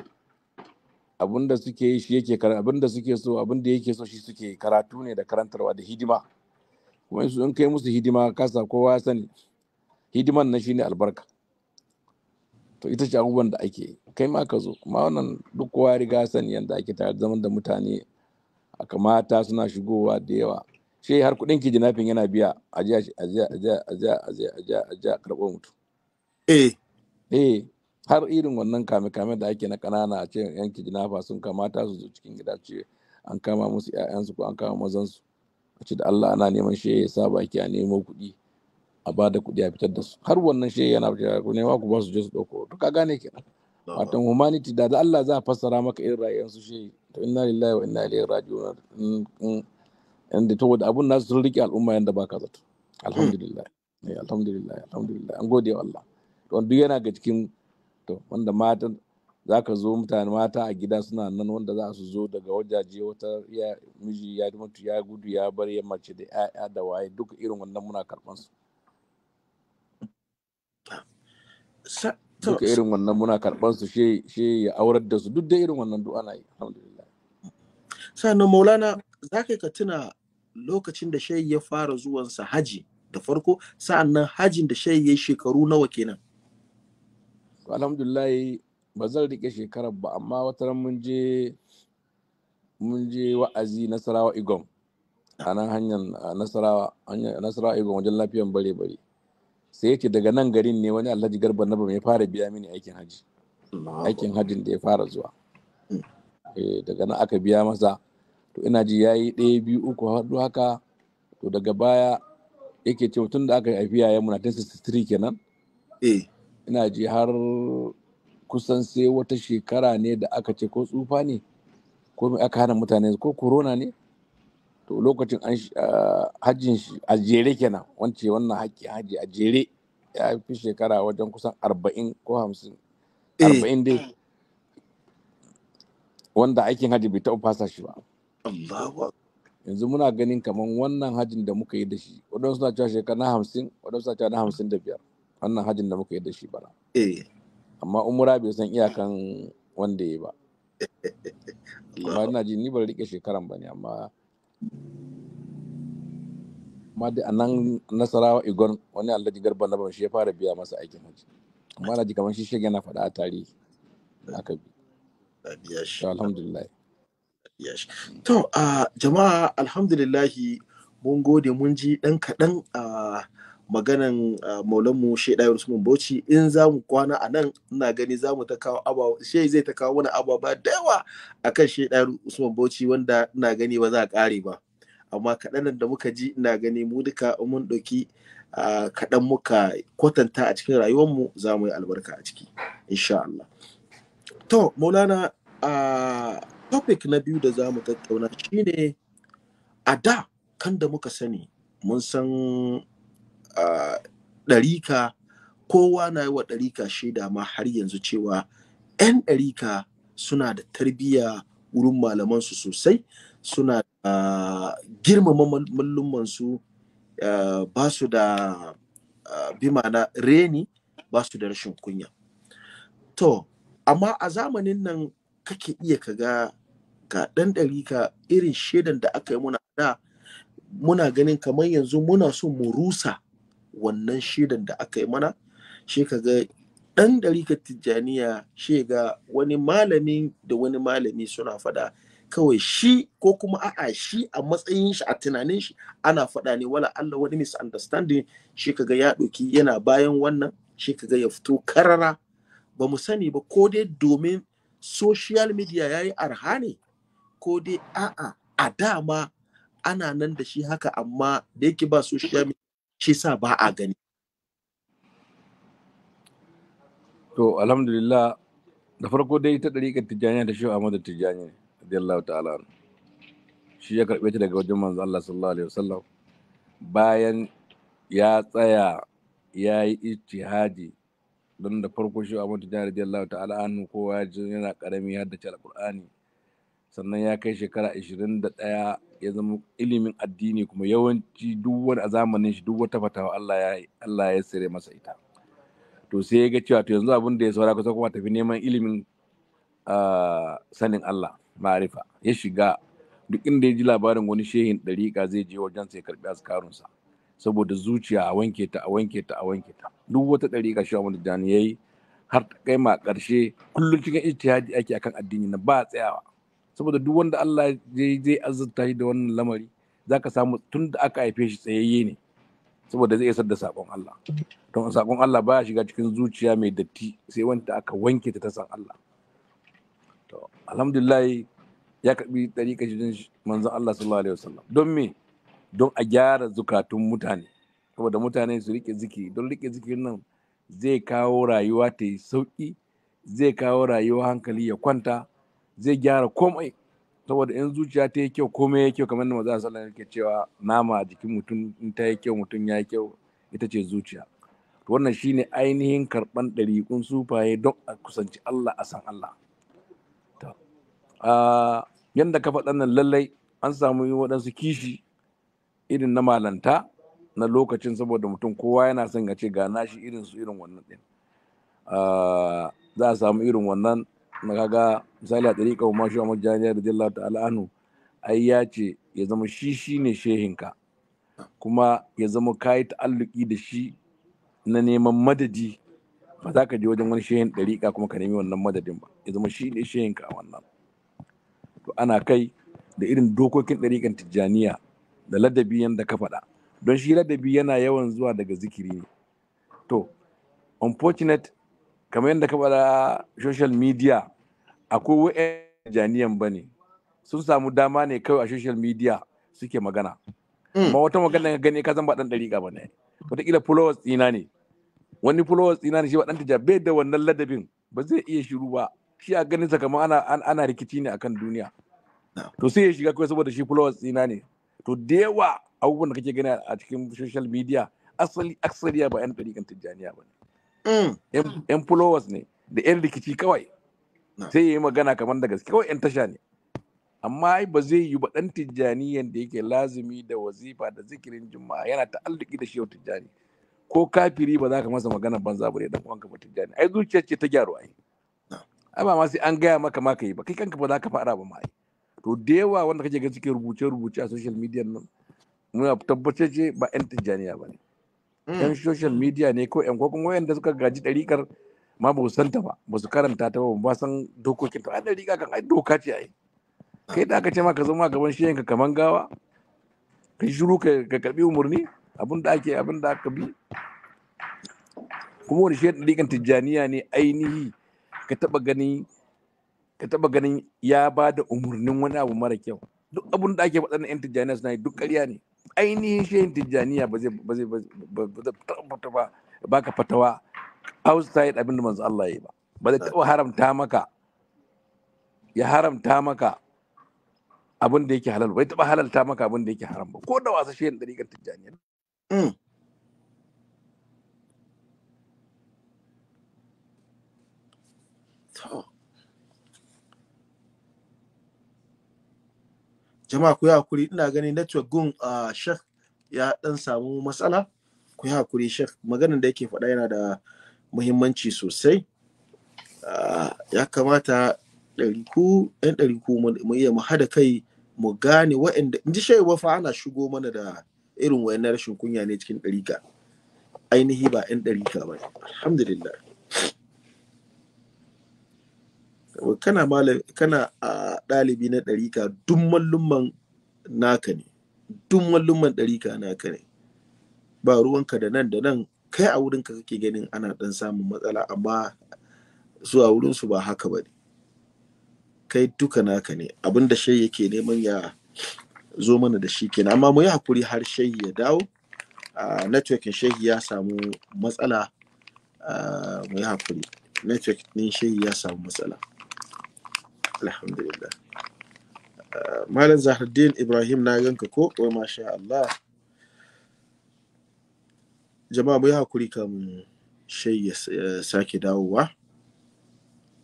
abinda suke yi shi yake abinda suke so abinda yake so shi suke karatu ne da karantarwa da hidima kuma su in kai musu hidima kasa kowa ya sani hidiman na shi ne albarka to ita ce abubuwan da ake kai ma ka zo kuma wannan duk kowa ya riga sani yadda ake tare zaman da mutane a kamata suna shigowa da yawa shi har kuɗin kidnapping yana biya a jiya a jiya a jiya a jiya a jiya a jiya a jiya karɓo mutum eh eh har irin wannan kame-kame da ake na ƙanana a ce yan jinafa sun kamata su zo cikin gida ce an kama musu ƴaƴansu ko an kama mazansu a ce da Allah ana neman shi ya sa baki a nemo kuɗi a ba da kuɗi a fitar da su har wannan shi yana fitar ku nema ku ba su je su ɗauko ka gane kenan watan humanity da Allah za a fassara maka irin rayuwar su shi to inna lillahi wa inna ilaihi raji'un yanda to da abun nasu sun riƙe al'umma yanda baka zato hmm. alhamdulillah eh alhamdulillah alhamdulillah an gode wa Allah to duk yana ga cikin to wanda mata za ka zo mutane mata a gida suna nan wanda za su zo daga wajaje wata ya miji ya mutu ya gudu ya bar ya mace da ya'ya da waye duka irin wannan muna karban su duka irin wannan muna karban su she ya aurar da su duk da irin wannan du'a na yi alhamdulillah sannan maulana za ka tuna lokacin da shayi ya fara zuwansa haji da farko sa'annan hajin da shayi ya shekaru nawa kenan alhamdulillah ba zan rike shekarar ba amma wata ran mun je mun je wa'azi nasarawa igom a nan hanyar nasarawa nasarawa igom wajen lafiyan bare bare sai yake daga nan garin ne wani alhaji garba na ya fara biya mini aikin haji aikin hajin da ya fara zuwa mm. eh, daga nan aka biya masa to ina ji yayi ɗaya biyu uku hudu haka to daga baya yake ce tun da aka haifi yayan mu 1963 kenan eh. ina ji har kusan sai wata shekara ne da aka ce ko tsufa ne ko mai aka hana mutane ko corona ne to lokacin an hajjin a jere kenan wance wannan haƙƙi haji a jere ya fi shekara wajen kusan arba'in ko hamsin eh. arba'in dai wanda aikin haji bai taɓa fasa shi ba yanzu muna ganin kamar wannan hajin da muka yi da shi waɗansu suna cewa shekara na hamsin waɗansu suna cewa na hamsin da biyar wannan hajin da muka yi da shi bara. Eh. amma umura bai san iyakan wanda ya yi ba amma ina ji ni ban rike shekaran ba ne amma amma da a nan nasarawa igon wani alladi garba na ban shi ya fara biya masa aikin hajji amma na ji kamar shi shege na faɗa a tarihi aka bi alhamdulillah yes. to uh, jama'a alhamdulillahi mun gode mun ji dan kaɗan a maganan uh, maulanmu shaidayar usman bauchi in za kwana a nan ina gani za ta kawo shai zai ta kawo mana ababa da yawa akan shaidayar usman bauchi wanda ina gani ba za a ƙare ba amma kaɗan da muka ji ina gani mu duka mun ɗauki kaɗan muka kwatanta a cikin rayuwar mu zamu yi albarka a ciki insha Allah to maulana topic na biyu da za mu tattauna shine a da kan da muka sani mun san ɗarika kowa na yi wa ɗarika shaida ma har yanzu cewa 'yan ɗarika suna da tarbiyya wurin malamansu sosai suna da girmama mallumansu ba su da bi reni ba su da rashin kunya to amma a zamanin nan kake iya kaga ka ɗan ɗarika irin shaidan da aka yi muna da muna ganin kamar yanzu muna so mu rusa wannan shaidan da aka yi mana shi ka ga ɗan ɗarika tijjaniya shi ga wani malami da wani malami suna faɗa kawai shi ko kuma a'a shi a matsayin shi a tunanin shi ana faɗa ne wala Allah wani misunderstanding shi ga ya ɗauki yana bayan wannan shi ga ya fito karara ba mu sani ba ko dai domin social media ya yi arha ne ko dai a'a a dama ana nan da shi haka amma da yake ba social media shi sa ba a gani to alhamdulillah da farko dai ta ɗariƙar tijjaniya da shehu ahmadu tijjani radiyallahu ta'ala shi ya karɓe ta daga wajen manzo Allah sallallahu alaihi wasallam bayan ya tsaya ya yi ijtihadi don da farko shi Ahmad Jihar radiyallahu ta'ala anhu kowa yana karami haddace alqur'ani sannan ya kai shekara 21 ya zama ilimin addini kuma yawanci duk wani a zamanin shi duk wata fatawa Allah ya Allah ya sire masa ita to sai ya ga cewa to yanzu abin da ya saura kusa kuma tafi neman ilimin sanin Allah ma'arifa ya shiga duk inda ya ji labarin wani shehin ɗariƙa zai je wajen sai karbi askarunsa saboda zuciya a wanke ta a wanke ta a wanke ta duk wata ɗariƙa shi wani jani ya har ta kai ma ƙarshe kullum cikin ijtihadi ake akan addini na ba tsayawa saboda duk wanda Allah zai azurta shi da wannan lamari za ka samu tun da aka haife shi tsayayye ne saboda zai isar da sakon Allah don sakon Allah baya shiga cikin zuciya mai datti sai wanda aka wanke ta ta san Allah to alhamdulillah ya karbi tariƙa shi manzon Allah sallallahu alaihi wasallam don me don a gyara zukatun mutane saboda mutane su rike ziki don rike zikirin nan zai kawo rayuwa ta yi sauƙi zai kawo rayuwa hankali ya kwanta zai gyara komai saboda in zuciya ta yi kyau komai ya kyau kamar da maza sallan yake cewa nama a jikin mutum in ta yi kyau mutum ya kyau ita ce zuciya to wannan shine ainihin karban ɗariƙun sufaye don a kusanci Allah a san Allah yadda ka faɗa nan lallai an samu yi waɗansu kishi irin na malanta na lokacin saboda mutum kowa yana son ya ce ga nashi irin su irin wannan ɗin za a samu irin wannan kaga misali a ɗariƙa wa mashi wa janiya da jalla ta'ala al'anu ai ya ce ya zama shi shi ne shehinka kuma ya zama kayi ta'alluki da shi na neman madadi ba za ka je wajen wani shehin ɗariƙa kuma ka nemi wannan madadin ba ya zama shi ne shehinka a wannan to ana kai da irin dokokin ɗariƙan tijjaniya da ladabi yadda ka faɗa don shi ladabi yana yawan zuwa daga zikiri ne to unfortunate kamar yadda ka bada social media akwai wa'yan janiyan ba ne sun samu dama ne kawai a social media suke magana hmm. amma wata magana ka gani ka san ba dan dariƙa ba ne wataƙila followers ɗina ne wani followers ɗina ne shi ba dan tija bai da wannan ladabin ba zai iya shiru ba shi a ganin kamar ana ana rikici ne akan duniya to sai ya shiga kawai saboda shi followers ɗina ne to da yawa abubuwan da kake gani a cikin social media asali aksariya ba yan ɗariƙan tijjaniya ba ne Mm. yan followers ne da yan rikici kawai sai ya yi magana kamar da gaske kawai yan tasha ne amma ai ba zai yi ba dan yan da yake lazumi da wazifa da zikirin juma'a yana ta'alluki da shehu tijjani ko kafiri ba za ka masa magana banza bare dan uwanka ba tijjani ai zuciyar ce ta gyaro ai ai ba ma sai an gaya maka ma yi ba kai kanka ba za ka fara ba ma ai to da yawa wanda kake ga cikin rubuce-rubuce a social media nan muna tabbace ce ba 'yan tijjaniya ba ne Mm. yan social media ne ko yan ko wayan da suka gaji kar ma ba san ta ba ba su karanta ta ba ba san dokokin ta ai ɗarika kan ai doka ce ai kai da aka ce ma ka zama gaban shi yanka kaman gawa ka shiru ka karɓi umarni abin da ake abin da aka bi kuma wani shi ɗarikan tijjaniya ne ainihi ka taɓa gani ka taba ganin ya ba da umarnin wani abu mara kyau duk abin da ake faɗa na yan tijjaniya suna yi duk ƙarya ne ainihin shayin tijjaniya ba zai ba zai ba ka fatawa outside abin da manzo Allah ya yi ba ba zai taɓa haramta maka ya haramta maka abin da yake halal bai taɓa halalta maka abin da yake haram ba ko da wasa shehin ɗariƙar tijjaniya mm. to jama'a ku yi hakuri ina ganin network gun a shek ya dan samu matsala ku yi hakuri shek maganin da yake faɗa yana da muhimmanci sosai ya kamata ɗariku ɗan ɗariku mu iya mu hada kai mu gane waɗanda in ji shaiwa fa ana shigo mana da irin wayannan rashin kunya ne cikin ɗarika ainihi ba ɗan ɗarika ba alhamdulillah kana kana a ɗalibi na ɗarika duk mallumman naka ne duk mallumman ɗarika naka ne ba ruwanka da nan da nan kai a wurinka kake ganin ana ɗan samun matsala amma su a wurinsu ba haka ba ne kai duka naka ne abinda shai yake neman ya zo mana da shi kenan amma mu yi hakuri har shai ya dawo a networkin shai ya samu matsala mu yi hakuri network ɗin shai ya samu matsala alhamdulillah uh, malam zahardin ibrahim na ganka ko wai masha Allah jama'a mai hakuri kan shai ya sake dawowa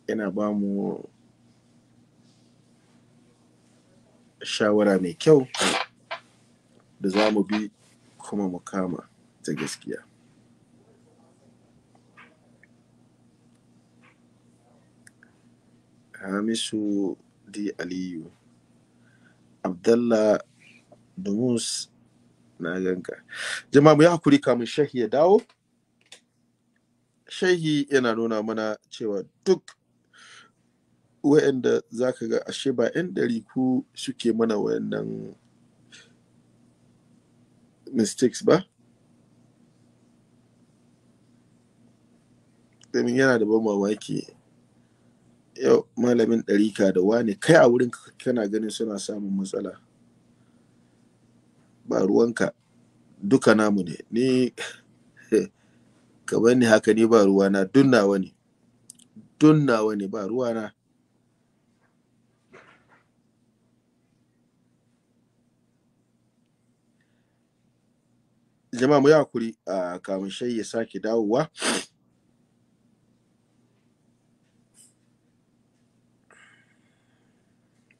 yana ba mu shawara mai kyau da za mu bi kuma mu kama ta gaskiya hamisu di aliyu abdallah dumus na ganka jama'a mu yi hakuri kamun shahi ya dawo shahi yana nuna mana cewa duk wa'anda za ka ga ashe ba 'yan ku suke mana wayannan mistakes ba domin yana da ban mamaki yau malamin ɗarika da wane kai a wurin kana ganin suna samun matsala ba ruwanka duka namu ne ni kamar ni haka ni ba ruwana dunnawa ne dunnawa ne ba ruwana jama'a mu yi hakuri a kamun ya sake dawowa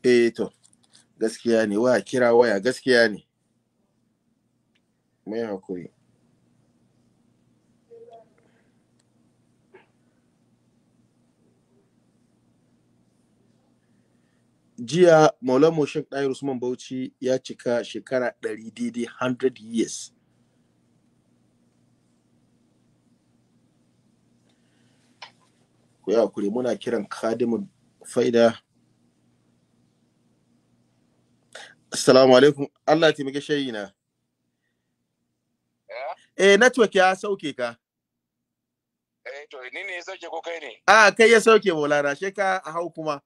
eh to gaskiya ne waya kira waya gaskiya ne mai hakuri jiya maulan moshin ɗayar usman bauchi ya cika shekara 100 daidai 100 years ku yi hakuri muna kiran kadimin faida Assalamu alaikum. Allah ya taimake shayi na. Eh? eh network ya sauke ka. Eh to ni ne ya sauke ko kai ne? Ah kai ya sauke Maulana, she ka a hau kuma.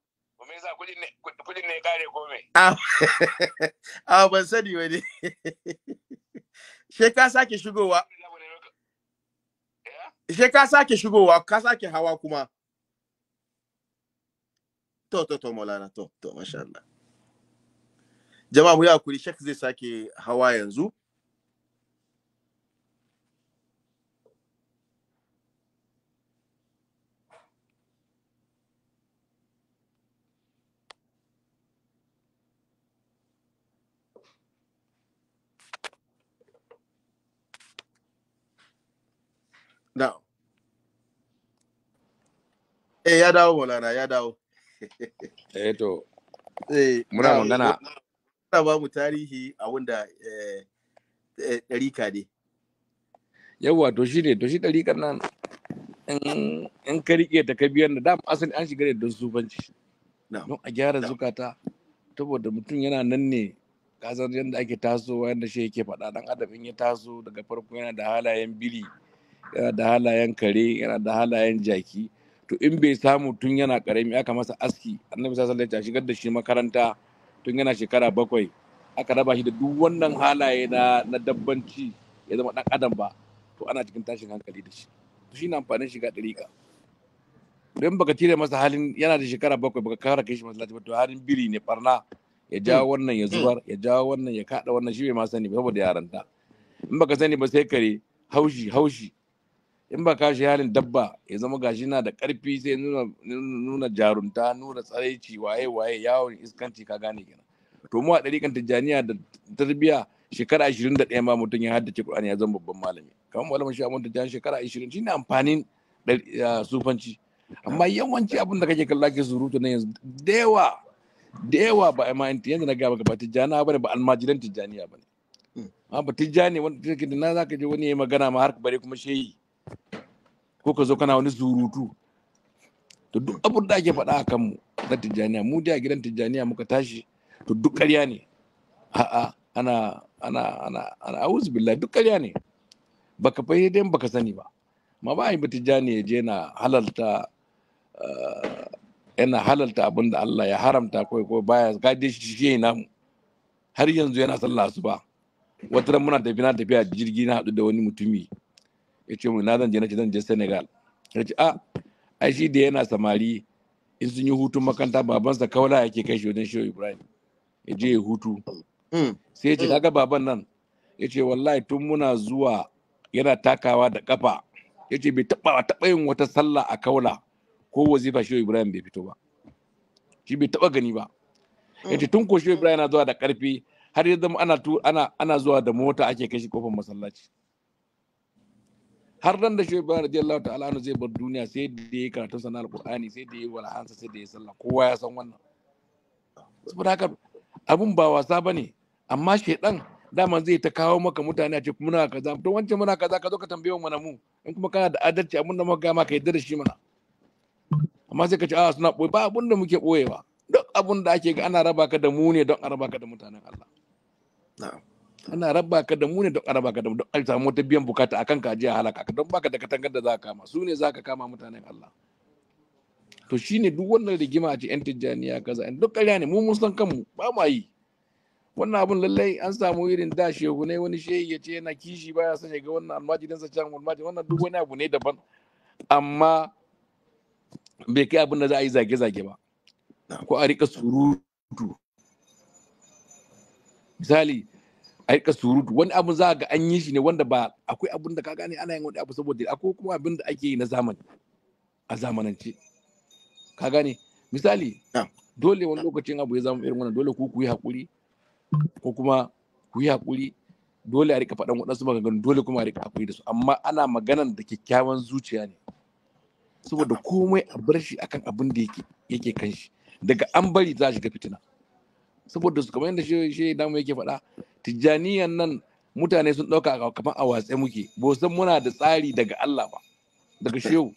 Me yasa kudin ne kudin ne kare ko me? Ah ban sani wani. She ka sake shigowa. Eh? She ka sake shigowa, ka sake hawa kuma. To to to Maulana, to to masha Allah. jama'a mu yi hakuri shek zai sake hawa yanzu Eh, ya dawo, Maulana, ya dawo. eh, to. Eh, muna magana. fara ba mu tarihi a wanda eh, eh, ɗarika ne. Yawwa to shi ne, to shi ɗarikar nan in ka riƙe ta ka biyan da dama asali an shiga ne don sufanci. Don a gyara zukata, saboda mutum yana nan ne kasar yadda ake tasowa yadda shi yake faɗa ɗan adam in ya taso daga farko yana da halayen biri yana da halayen kare yana da halayen jaki to in bai samu tun yana karami aka masa aski annabi sallallahu alaihi wasallam ya shigar da shi makaranta tun yana shekara bakwai aka raba shi da duk wannan halaye na na dabbanci ya zama dan adam ba to ana cikin tashin hankali da shi to shi na amfanin shiga dariƙa don baka tire masa halin yana da shekara bakwai baka kara kai shi masallaci ba to halin biri ne barna ya jawo wannan ya zubar ya jawo wannan ya kada wannan shi bai ma sani ba saboda yaranta in baka sani ba sai kare haushi haushi in ba kashi halin dabba ya zama gashi na da karfi sai nuna jarumta, nuna tsaraici waye waye yawon iskanci ka gane kenan to mu a ɗarikan tijjaniya da tarbiyya shekara ashirin da ɗaya ma mutum ya haddace Qur'ani ya zama babban malami kamar malamin shi abun tijjani shekara ashirin shine amfanin sufanci amma yawanci abin da kake kalla ke surutu na yanzu da yawa da yawa ba a ma'aikata yanzu na gaba ba tijjani ba ne ba almajiran tijjaniya ba ne hmm. ba tijjani wanda tijjani na za ka je wani ya magana ma har bare kuma shehi ko ka zo kana wani surutu to duk abin da ake faɗa a kanmu na tijjaniya mu da gidan tijjaniya muka tashi to duk ƙarya ne a'a ana ana ana ana auzu billah duk ƙarya ne baka fahimta baka sani ba ma ba a yi tijjani ya je na halalta yana halalta eh, abin da Allah ya haramta kawai ko baya gade shi shi yana mu har yanzu yana sallah su ba wata muna tafi tafiya jirgi na haɗu da wani mutumi ya ce mu na zan je na ce zan je Senegal ya ce a ai shi da yana samari in sun yi hutun makaranta babansa kawala yake kai shi wajen shehu Ibrahim ya je ya hutu mm. sai ya ce mm. kaga baban nan ya ce wallahi tun muna zuwa yana takawa da kafa ya ce bai taba taba yin wata sallah a kaula ko wazifa shehu Ibrahim bai fito ba shi bai taba gani ba ya ce mm. tun ko shehu Ibrahim yana zuwa da karfi har ya zama ana ana zuwa da mota ake kai shi kofar masallaci har nan da shi bayan radiyallahu ta'ala anhu zai bar duniya sai da yi karatun sanar alƙur'ani sai da wala hansa sai da ya sallah kowa ya san wannan saboda haka abun ba wasa bane amma shedan dama zai ta kawo maka mutane a ce muna kaza to wancan muna kaza ka zo ka tambaye mu mana mu in kuma kana da adalci abun da muka ga maka yadda da shi mana amma sai ka ce a ah, suna boye ba abun da muke boyewa duk abun da ake ga ana raba ka da mu ne don a raba ka da mutanen Allah na'am ana raba ka da mu ne don a ka da mu don samu wata biyan bukata a kanka ajiya halaka ka don baka da katangar da za ka kama su ne za ka kama mutanen Allah to shine duk wannan rigima a ce yan tijjaniya kaza in duk ƙarya ne mu mun san kanmu ba mu yi wannan abun lallai an samu irin da shehu ne wani shehi ya ce yana kishi baya son ya ga wannan almajirinsa can almajiri wannan duk wani abu ne daban amma bai kai abin da za a yi zage-zage ba ko a rika surutu misali aika surutu wani abu za ga an yi shi ne wanda ba akwai abun da ka gane ana yin wani abu saboda akwai kuma abin da ake yi na zamani a zamanance ka gane misali dole wani lokacin abu ya zama irin wannan dole ku ku yi hakuri ko kuma ku yi hakuri dole a rika faɗan waɗansu maganganu dole kuma a rika hakuri da su amma ana maganan da kyakkyawan zuciya ne saboda komai a bar shi akan abin da yake kan shi daga an bari za shi shiga fitina saboda su kamar yadda shi namu yake faɗa tijjaniyan nan mutane sun ɗauka kamar a watse muke ba muna da tsari daga Allah ba daga shehu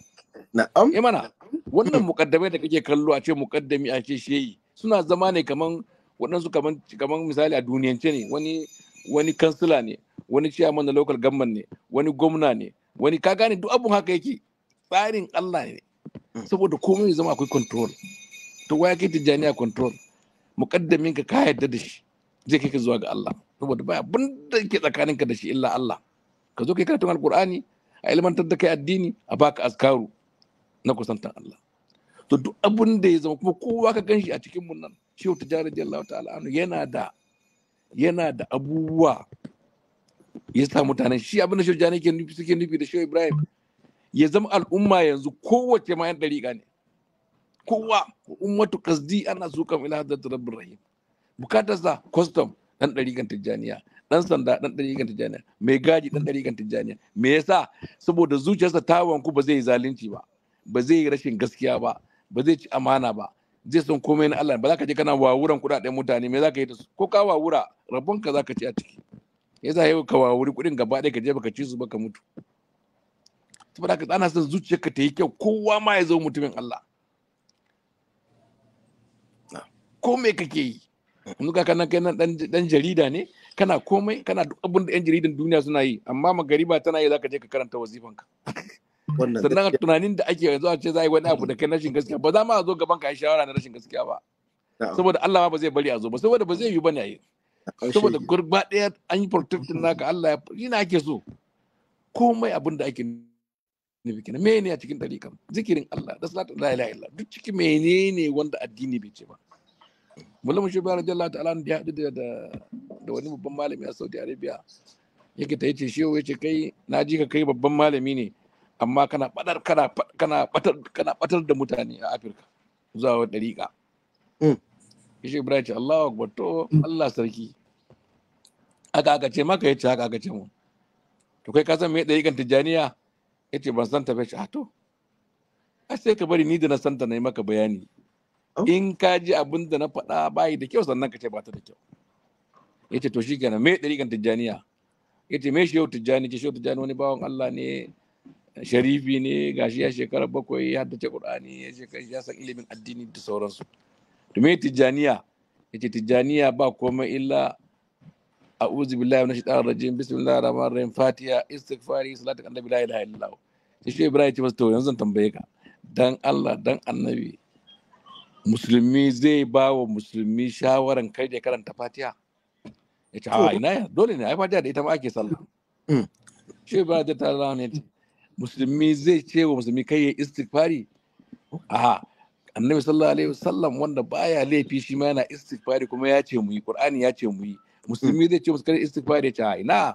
na'am eh mana wannan mukaddame da kake kallo a ce mukaddami a ce shehi suna zama ne kaman waɗansu kaman misali a duniyance ne wani wani kansila ne wani chairman na local government ne wani gwamna ne wani ka gane duk abun haka yake tsarin Allah ne mm. saboda komai zama akwai control to waya kai tijjaniya control mukaddamin ka ka yarda da shi zai kai ka zuwa ga Allah saboda baya abin da yake tsakaninka da shi illa Allah ka zo kai karatun alkur'ani a ilmantar da kai addini a baka askaru na kusantan Allah to duk abin da ya zama kuma kowa ka ganshi a cikin mun nan shi wata da Allah ta'ala anu yana da yana da abubuwa ya sa mutanen shi abin da jani ke nufi suke nufi da shehu Ibrahim ya zama al'umma yanzu kowace ma yan dariƙa ne kowa ummatu qasdi ana sukan ila hadratir rabbir rahim bukatarsa kwastam ɗan kan tijjaniya ɗan sanda ɗan ɗari kan tijjaniya mai gaji ɗan ɗari kan tijjaniya me yasa saboda zuciyarsa ta wanku ba zai yi zalunci ba ba zai yi rashin gaskiya ba ba zai ci amana ba zai san komai na Allah ba za ka je kana wawuran kuɗaɗen mutane me za ka yi da su ko ka wawura rabonka za ka ci a ciki yasa yau ka wawuri kuɗin gaba ɗaya ka je baka ci su ba ka mutu saboda haka ana son zuciyarka ta yi kyau kowa ma ya zo mutumin Allah ko me kake yi in ka kana kai dan jarida ne kana komai kana duk abin da yan jaridan duniya suna yi amma ba tana yi zaka je ka karanta wazifan ka sannan tunanin da ake yanzu a ce za a yi wani abu da kai rashin gaskiya ba za ma zo gaban ka yi shawara na rashin gaskiya ba saboda Allah ba zai bari a zo ba saboda ba zai yi ne a yi saboda gurba ɗaya an yi protectin naka Allah ya yi na ake so komai abin da ake nufi kenan mene a cikin ɗariƙan zikirin Allah da salatu la ilaha illa duk cikin menene wanda addini bai ce ba Mullum Shubar Rajallah ta'ala da ya haɗu da wani babban malami a Saudi Arabia yake ta yace shehu yace kai na ji ka kai babban malami ne amma kana badar kana kana batar kana batar da mutane a Afirka zuwa wa dariƙa. Mm. Yace Ibrahim ce Allahu akbar to mm. Allah sarki. Aka aka ce maka yace haka aka ce mu. To kai ka san me dariƙan Tijjaniya? Yace ban san ta ba shi a ah to. a sai ka bari ni da na santa na yi maka bayani. Oh. in ka ji abin da na faɗa bayi da kyau sannan ka ce ba ta da kyau ya ce to shi gana me ɗariƙan tijjaniya ya ce me shehu tijjani ce shehu tijjani wani bawan Allah ne sharifi ne shi ya shekara bakwai ya haddace Qur'ani ya shekara ya san ilimin addini da sauransu to me tijjaniya ya ce tijjaniya ba komai illa a'udhu billahi minash shaitanir rajim bismillahir rahmanir rahim fatiha istighfari salatu annabi la ilaha illallah shi ibrahim ya ce masa to yanzu zan tambaye ka dan Allah dan annabi musulmi zai ba wa musulmi shawaran kai da karanta fatiha ya ce a ina ya? dole ne yi fatiha da ita ma ake sallah mm. Mm. shi ba da ta ne musulmi zai ce wa musulmi kai ya istighfari a annabi sallallahu alaihi wasallam wanda baya laifi shi ma yana istighfari kuma ya ce mu yi qur'ani ya ce mu yi mm. musulmi zai ce musu kai istighfari ya ce a ina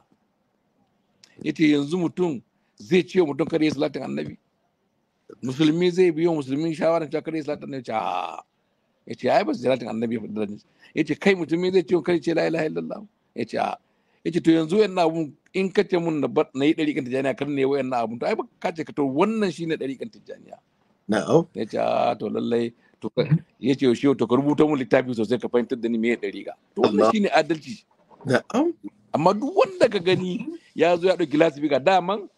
yace yanzu mutum zai ce mutum kare salatin annabi musulmi zai biyo musulmi shawarar cewa kare salatin ne ce a ya ce ai ba su salatin annabi ya ne ya ce kai musulmi zai ce kai ce la ilaha illallah ya ce a ya ce to yanzu yana abun in ka ce mun na na yi ɗari kan tijjaniya kan ne wayan na abun to ai ba ka ce ka to wannan ne ɗari kan tijjaniya ya ce a to lallai to ya ce shi to ka rubuta mun littafi sosai ka fahimtar da ni me ɗari ga to wannan ne adalci amma duk wanda ka gani ya zo ya ɗauki lasifika daman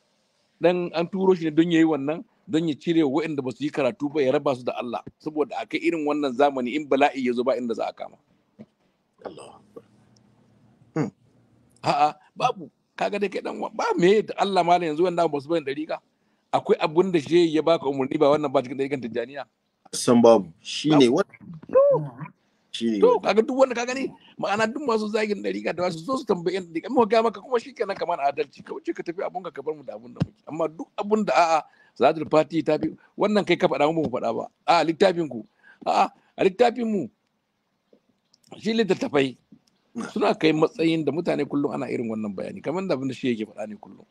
dan an turo shi ne don yayi wannan don ya cire waɗanda ba su yi karatu ba ya raba su da Allah saboda a kai irin wannan zamani in bala'i ya zo ba inda za a kama. Hmm. A'a babu kaga dai kai dan ba me da Allah ma yanzu wanda ba su dari ka akwai abun da shi ya baka umarni ba wannan ba cikin kan Tijjaniya. San babu shine wannan to kaga duk wanda ka gani ma'ana duk masu zagin dari ka da su zo su tambayi yan kuma ka ga maka kuma shikenan kamar adalci kawai ce ka tafi abun ka bar mu da abun da muke amma duk abun da a'a zadul fati ta fi wannan kai ka faɗa mu ba faɗa ba a littafin ku a a littafin mu shi littattafai suna kai matsayin da mutane kullum ana irin wannan bayani kamar da abinda shi yake faɗa ne kullum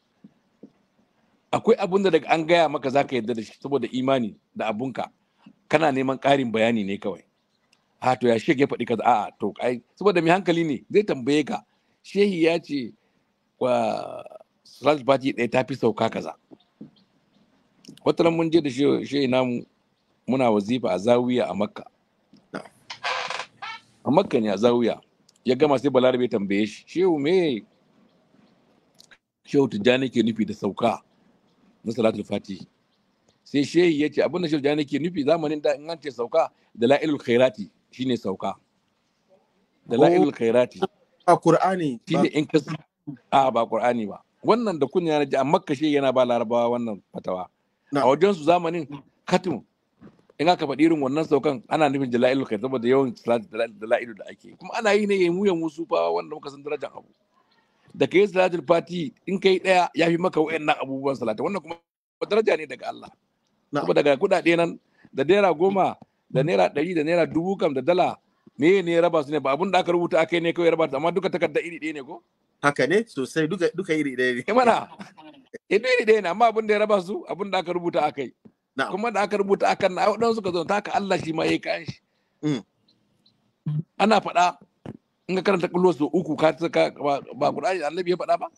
akwai abin da daga an gaya maka zaka yarda da shi saboda imani da abunka kana neman ƙarin bayani ne kawai a to ya ya faɗi kaza a'a to ai saboda mai hankali ne zai tambaye ka shehi ya ce wa salat bati ɗaya ta fi sauka kaza wata mun je da shi namu muna wazifa a zawiya a makka a makka ne a zawiya ya gama sai balarabe tambaye shi shehu me shehu tijjani ke nufi da sauka na salatul fati sai shehu ya ce abinda shehu tijjani ke nufi zamanin da in an ce sauka da la'ilul khairati shine sauka da la'ilul khairati a qur'ani ne in ka a ba qur'ani ba wannan da kunya na ji a makka shehu yana ba larabawa wannan fatawa a wajen su zamanin katim in aka faɗi irin wannan saukan ana nufin jala'ilu kai saboda yawan jala'ilu da ake kuma ana yi ne ya mu ya musu fa wanda muka san darajar abu da ka yi salatul fati in yi ɗaya ya fi maka wayannan abubuwan salata wannan kuma daraja ne daga Allah kuma daga kuɗaɗe nan da naira goma da naira ɗari da naira dubu kam da dala me ne ya raba su ne ba abun da aka rubuta aka ne kawai ya raba amma duka takarda iri ɗaya ne ko haka ne sosai duka iri ɗaya ne eh mana eh duk ɗaya ne amma abin da ya raba su abin da aka rubuta a kai kuma da aka rubuta a kan na waɗansu suka zo ta ka Allah shi ma ya yi kayan shi mm. ana faɗa in ka karanta kullu su uku ka ba Qur'ani annabi ya faɗa ba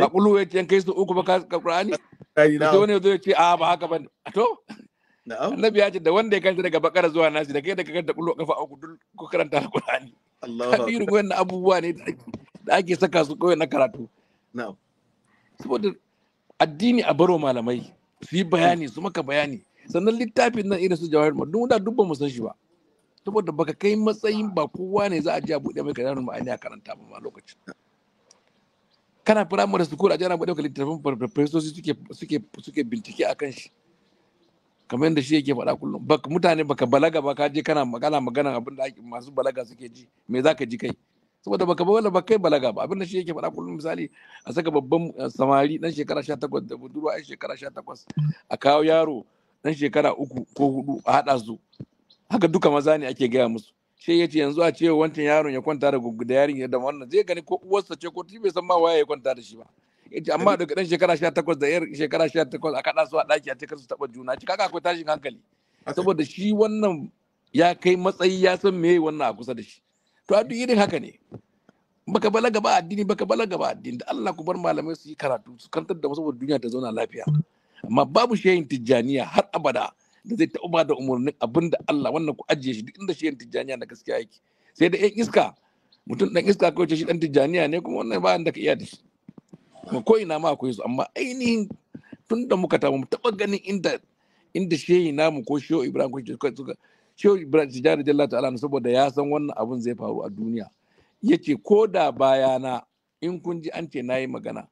ba kullu ya ce kai su uku ba ka Qur'ani sai wani ya zo ya ce a ba haka bane to annabi ya ce da wanda ya kanta daga bakara zuwa nasi da kai da kanta kullu kafa uku duk ko karanta Qur'ani Allahu akbar irin wannan abubuwa ne da ake saka su kawai na karatu na'am saboda addini a baro malamai su yi bayani su maka bayani sannan littafin nan irin su jawahir ma duk da dubban mu san shi ba saboda baka kai matsayin ba kowa ne za a je a buɗe mai kajarun ma'ani a karanta ba lokacin kana firamare su kura a jana bude ka littafin farfesosi suke suke suke bincike a kan shi kamar yadda shi yake faɗa kullum mutane baka balaga ba ka je kana magana maganan abin da masu balaga suke ji me za ka ji kai saboda baka ba wala baka balaga ba abin da shi yake faɗa kullum misali a saka babban eh, samari dan shekara 18 da budurwa ai shekara 18 a kawo yaro dan shekara uku ko 4 a haɗa su haka duka maza ne ake gaya musu shi yace yanzu a ce wancan yaron ya kwanta da da yarin da wannan zai gani ko uwarsa ce ko bai san ma waye ya kwanta da shi ba yace amma daga dan shekara 18 da yar shekara 18 a kaɗa su a ɗaki a ce kar su taɓa juna ci kaka akwai tashin hankali saboda shi wannan ya kai matsayi ya san meye wannan a kusa da shi to a duk irin haka ne baka balaga ba addini baka balaga ba addini da Allah ku bar malamai su yi karatu su kantar da saboda duniya ta zauna lafiya amma babu shehin tijjaniya har abada da zai taɓa da umarnin abin da Allah wannan ku ajiye shi duk inda shehin tijjaniya na gaskiya yake sai da yan iska mutum dan iska kawai shi dan tijjaniya ne kuma wannan ba da ka iya da shi ko ina ma akwai su amma ainihin tun da muka ta, mu taɓa ganin inda inda shehi namu ko shehu ibrahim ko suka shehu ibrahim tijari jalla ta'ala saboda ya san wannan abun zai faru a duniya ya ce ko da bayana in kun ji an ce na yi magana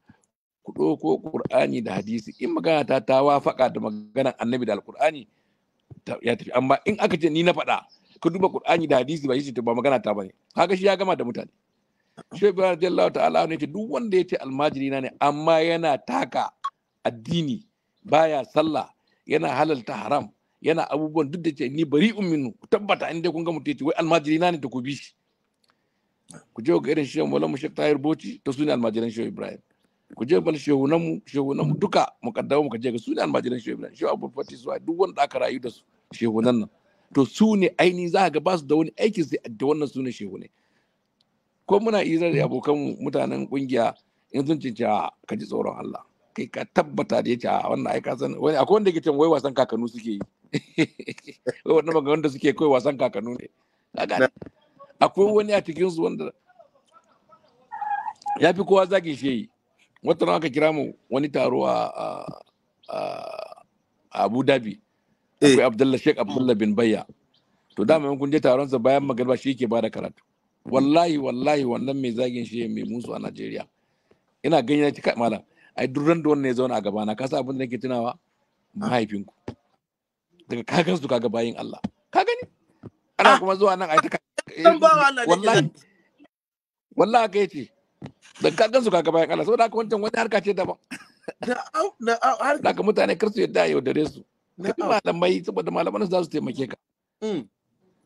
ku ɗauko ƙur'ani da hadisi in magana ta ta wafaƙa da maganar annabi da ƙur'ani ya tafi amma in aka ce ni na faɗa ka duba ƙur'ani da hadisi ba shi ba magana ta bane Haka shi ya gama da mutane shehu ibrahim radiyallahu ta'ala ne duk wanda ya ce almajiri na ne amma yana taka addini baya sallah yana halalta haram yana abubuwan duk da ce ni bari umminu ku tabbata in dai kun ga mutum wai almajiri na ne da ku bi shi ku je ga irin shehu malamu shek tahir bauchi ta suna almajiran shehu ibrahim ku je bal shehu namu shehu mu duka mukaddama mu je ga suna almajiran shehu ibrahim shehu abul fati suwa duk wanda aka rayu da su shehu nan nan to su ne aini za ga ba su da wani aikin sai da wannan su ne shehu ne ko muna izar da abokan mutanen kungiya in sun ce ka ji tsoron Allah kai ka tabbata da ce a wannan ai ka san wani akwai wanda yake can wai wasan kakanu suke yi wai wannan maganganun wanda suke kai wasan kakanu ne akwai wani a cikin su wanda ya fi kowa zagin shi yi wata ran aka kira mu wani taro a abu dhabi eh. akwai abdullah sheik abdullah bin bayya to dama yan kun je taron sa bayan magarba shi yake bada karatu mm-hmm. wallahi wallahi wannan mai zagin shi mai musu a najeriya ina ganin ya ci malam ai duk da wannan ya zauna a gabana ka sa abin da nake tunawa ah. mahaifinku daga kagan su kaga bayin Allah ka gani ana ah. kuma zuwa nan ai ta wallahi wallahi kai ce, daga kagan su kaga bayin Allah saboda haka wancan wani harka ce daban da ka mutane kar su yadda yau dare su ka malamai saboda malaman su za su taimake ka mm.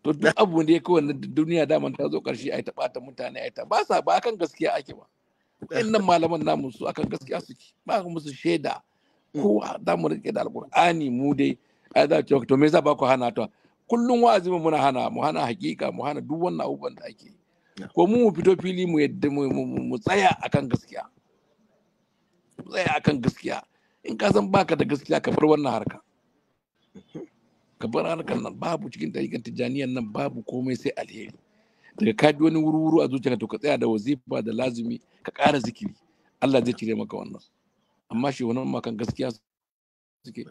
to duk abu ne kawai wannan duniya daman ta zo karshe ai ta bata mutane ai ta ba sa ba kan gaskiya ake ba nan malaman namu su akan gaskiya suke ba musu shaida mm. kowa da mu rike da alqur'ani mu dai ai za ce to me yasa ba ku hana ta kullum wa'azi mu muna hana mu hana hakika mu hana duk wannan abubuwan da ake ko mu fito fili mu yadda mu tsaya akan gaskiya mu tsaya akan gaskiya in ka san baka da gaskiya ka bar wannan harka ka bar harkar nan babu cikin tarikan tijaniyan nan babu komai sai alheri daga ka wani wuri-wuri a zuciyarka to ka tsaya da wazifa da lazumi ka ƙara zikiri Allah zai cire maka wannan amma shi wannan makan gaskiya suke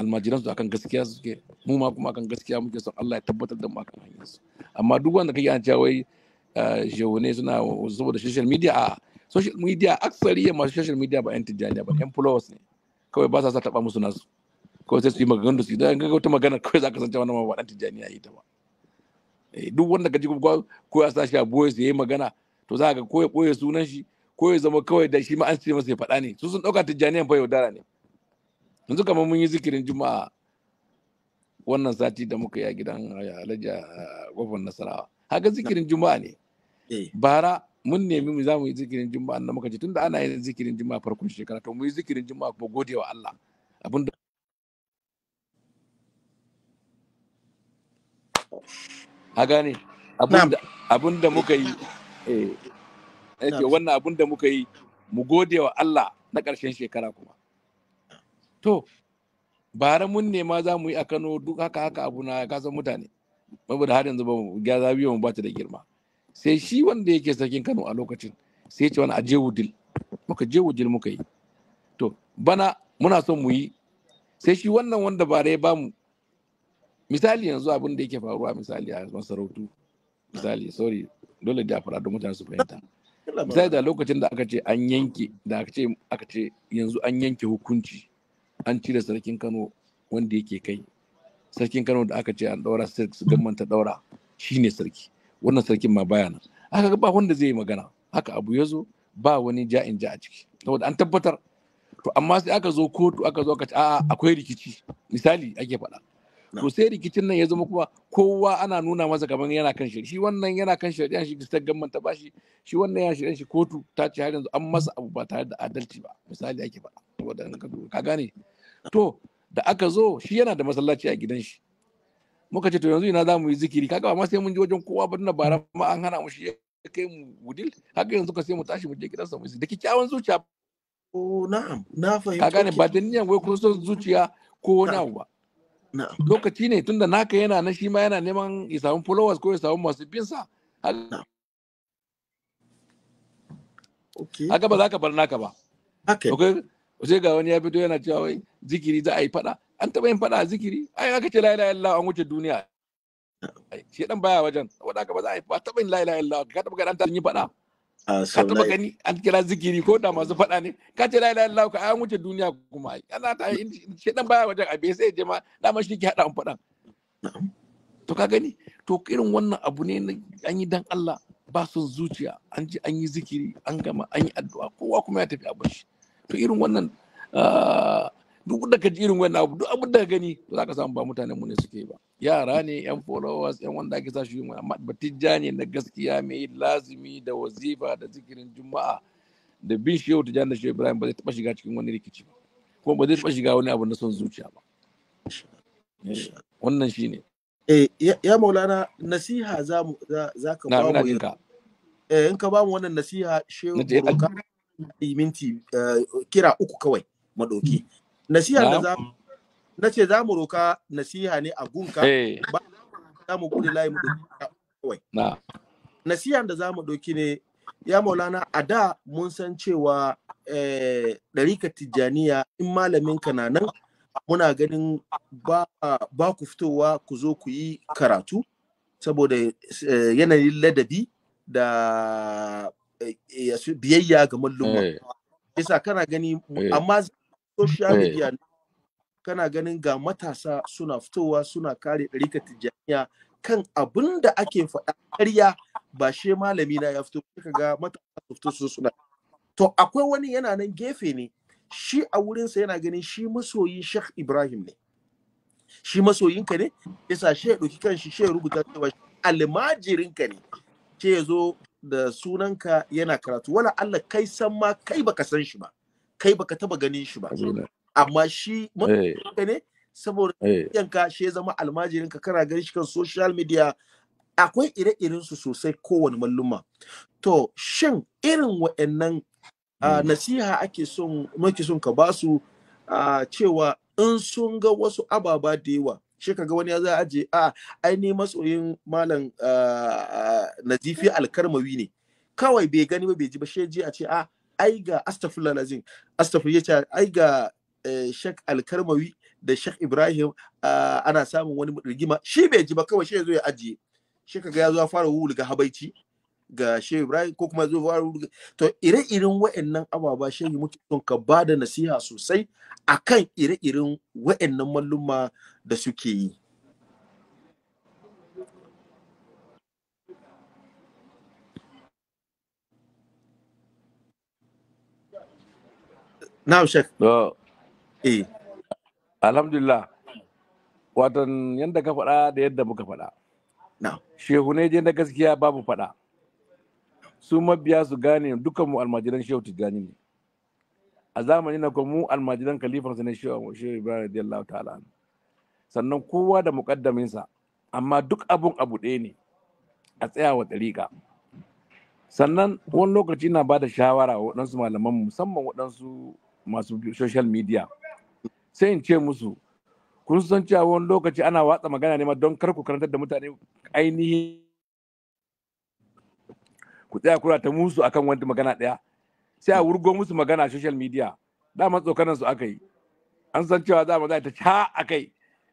almajiransu akan gaskiya suke mu ma kuma akan gaskiya muke son Allah ya tabbatar da mu akan hanyar su amma duk wanda kake an cewa wai eh, jawone suna saboda social media a social media aksari ya masu social media ba yan tijjaniya ba yan followers ne kawai ba sa sa taba musu nasu kawai sai su yi maganganu da su idan ga wata magana kawai za ka san cewa wannan ba dan tijjaniya yi ta ba eh, duk wanda ka ji ko ya sa shi a boye su yayi magana to za ka ko ya boye sunan shi ko ya zama kawai da shi ma an ce masa ya faɗa ne su sun ɗauka tijjaniyan fa yaudara ne yanzu kamar mun yi zikirin juma'a wannan sati da muka yi a gidan alhaji gwamnan nasarawa haka zikirin juma'a ne eh. bara mun nemi mu za mu yi zikirin juma'a na muka tun tunda ana yin zikirin juma'a farkon shekara to mu yi zikirin juma'a ko gode wa Allah abin da a gane abin da muka yi eh wannan abin da muka yi mu gode wa Allah na ƙarshen shekara kuma to bara mun ne ma za mu yi a kano duk haka haka abu na kasan mutane saboda har yanzu ba mu gyaza biyu mu ba ta da girma sai shi wanda yake sakin kano a lokacin sai ya ce wani a je wudil muka je wudil muka yi to bana muna son mu yi sai shi wannan wanda bara ya ba mu misali yanzu abin da yake faruwa misali a masarautu misali sorry dole da fara don mutane su fahimta misali da lokacin da aka ce an yanke da aka ce aka ce yanzu an yanke hukunci an cire sarkin kano wanda yake kai sarkin kano da aka ce an daura su gamman ta daura shine sarki wannan sarkin ma baya nan haka ba wanda zai yi magana haka abu ya zo ba wani ja'in ja a ciki saboda an tabbatar to amma sai aka zo kotu aka zo aka ce a'a akwai rikici misali ake faɗa to sai rikicin nan ya zama kuma kowa ana nuna masa kamar yana kan shari'a shi wannan yana kan shari'a shi ta gamman ta bashi shi wannan yana shari'a shi kotu ta ce har yanzu an masa abu ba tare da adalci ba misali ake ba saboda ka gane to da aka zo shi yana da masallaci a gidan shi muka ce to yanzu ina za mu yi zikiri kaga ba ma sai mun je wajen kowa ba na bara ma an hana mu shi ya kai mu gudil haka yanzu ka sai mu tashi mu je gidansa mu da kikkiawan zuciya oh, na'am na fahimta ka gane ba da niyan wai kun zuciya ko wani abu ba lokaci ne tunda naka yana na shi ma yana neman ya samu followers ko ya samu masu binsa haka ba za ka bar naka ba sai ga wani ya fito yana cewa wai zikiri za a yi fada an taɓa yin fada a zikiri ai aka ce la ilaha illallah an wuce duniya shi dan baya wajen saboda haka ba za a yi ba taɓa yin la ilaha illallah ka taɓa ga dan ta yi fada Ah, ka taba gani an kira zikiri ko da masu faɗa ne ka ce lai lai illallah ka an wuce duniya kuma ana ta shedan baya wajen abe sai je ma dama shi ke hada an faɗan to ka gani to irin wannan abu ne an yi dan Allah ba son zuciya an ji an yi zikiri an gama an yi addu'a kowa kuma ya tafi a bashi to irin wannan ah, duk da ka ji irin wannan abu duk abin da gani za ka samu ba mutanen mu ne suke ba yara ne yan followers yan wanda ake sa shi yin amma batijja ne na gaskiya mai lazimi da wazifa da zikirin juma'a da bin shi yau tijjani da shi ibrahim ba zai taba shiga cikin wani rikici ba kuma ba zai taba shiga wani abu na son zuciya ba eh, wannan shine eh ya maulana nasiha za mu za ka ba mu eh in ka ba mu wannan nasiha shehu minti eh, kira uku kawai madoki nasiha da za na ce za mu roka nasiha ne a gunka eh. ba za mu layi mu kawai nasiha da za mu doki ne ya maulana a da mun san cewa eh, ɗarika tijjaniya in malamin ka na nan muna ganin ba, ku fitowa ku zo ku yi karatu saboda eh, yanayin ladabi da biyayya ga mallumma. Yasa kana gani amma social eh. media kana ganin ga matasa suna fitowa suna kare ɗarikar tijjaniya kan abin da ake faɗa ƙarya ba shi malami na ya fito kuka ga matasa su fito suna to akwai wani yana nan gefe ne shi a wurinsa yana ganin shi masoyi shek Ibrahim ne shi masoyinka ne yasa shi ya ɗauki kanshi shi ya rubuta cewa almajirinka ne ce ya zo da sunanka yana karatu wala Allah kai san ma kai baka san shi ba kai baka taba ganin shi ba amma shi eh. mutunta ne saboda eh. yanka shi ya zama almajirinka kana ganin shi kan social media akwai ire-iren su sosai kowane malluma to shin irin wa'annan hmm. nasiha ake son muke son ka basu cewa in sun ga wasu ababa da yawa shi ga wani ya za je a ai masoyin malam nazifi alkarmawi ne kawai bai gani ba bai ji ba shi je a ce a ai ga astaghfirullah lazim astaghfir yace ai ga eh, shek alkarmawi da shek ibrahim ah, ana samun wani rigima shi bai ji ba kawai shi zo ya ajiye shi ga ya zo ya fara ga habaici ga shehu ibrahim ko kuma zo fara wuli. to ire-iren wa'annan ababa shehu muke son ka ba da nasiha sosai akan ire-iren wa'annan malluma da suke yi na'am To. eh alhamdulillah watan yadda ka faɗa da yadda muka faɗa shehu ne je na gaskiya babu faɗa su mabiya su gane dukkan mu almajiran shehu tijjani ne a zamani na kuma mu almajiran kalifansa ne shehu ibrahim radiyallahu ta'ala sannan kowa da sa amma duk abun abu ɗaya ne a tsayawa ɗariƙa sannan wani lokaci na ba da shawara wa waɗansu malaman musamman waɗansu masu social media sai in ce musu kun san cewa wani lokaci ana watsa magana ne ma don kar ku karantar da mutane ainihi ku tsaya kura ta musu akan wani magana ɗaya sai a wurgo musu magana social media dama tsokanan su aka yi an san cewa za mu za ta ca a kai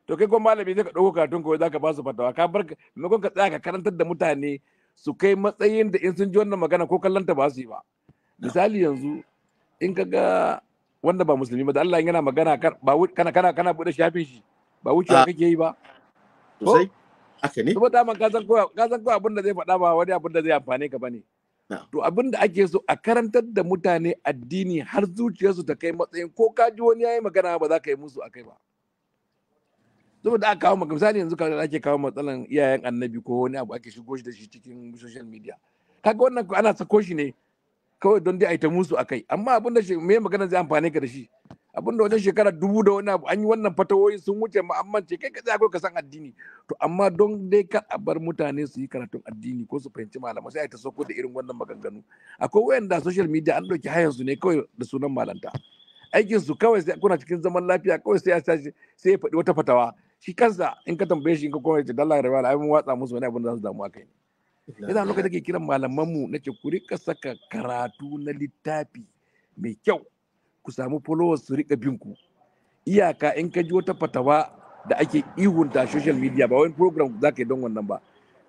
to kai kuma malami zai ka ɗauko karatun kawai za ka ba su fatawa ka bar maimakon ka tsaya ka karantar da mutane su kai matsayin da in sun ji wannan magana ko kallon ta ba su yi ba misali yanzu in ka ga wanda ba musulmi ba da Allah yana magana ba kana kana kana bude shafin shi ba wucewa ah. kake yi ba sai haka ne saboda man ka san ko ka san ko abin da zai faɗa ba wani abin da zai amfane ka bane ah. to abin da ake so a karantar da mutane addini har zuciyarsu ta kai matsayin ko ka ji wani yayi magana ba za ka yi musu akai ba saboda aka kawo maka misali yanzu kawai ake kawo matsalan iyayen annabi ko wani abu ake shigo shi da shi cikin social media kaga wannan ana sako shi ne kawai don dai a yi ta musu akai amma abin da me magana zai amfani ka da shi abin da wajen shekara dubu da wani abu an yi wannan fatawoyi sun wuce ma'ammanci. kai ka zai ka san addini to amma don dai kar a bar mutane su yi karatun addini ko su fahimci malamai sai a ta sauko da irin wannan maganganu akwai wayanda social media an ɗauki hayan su ne kawai da sunan malanta aikin su kawai sai kuna cikin zaman lafiya kawai sai ya tashi sai ya faɗi wata fatawa shi kansa in ka tambaye shi in ka kowace dalla rawa al'amin watsa musu wani abin da za su damu akai ne yana lokacin da ke kiran malamanmu na ce ku rika saka karatu na littafi mai kyau ku samu followers su rika bin ku iyaka in ka ji wata fatawa da ake ihunta social media ba wani program za ka yi don wannan ba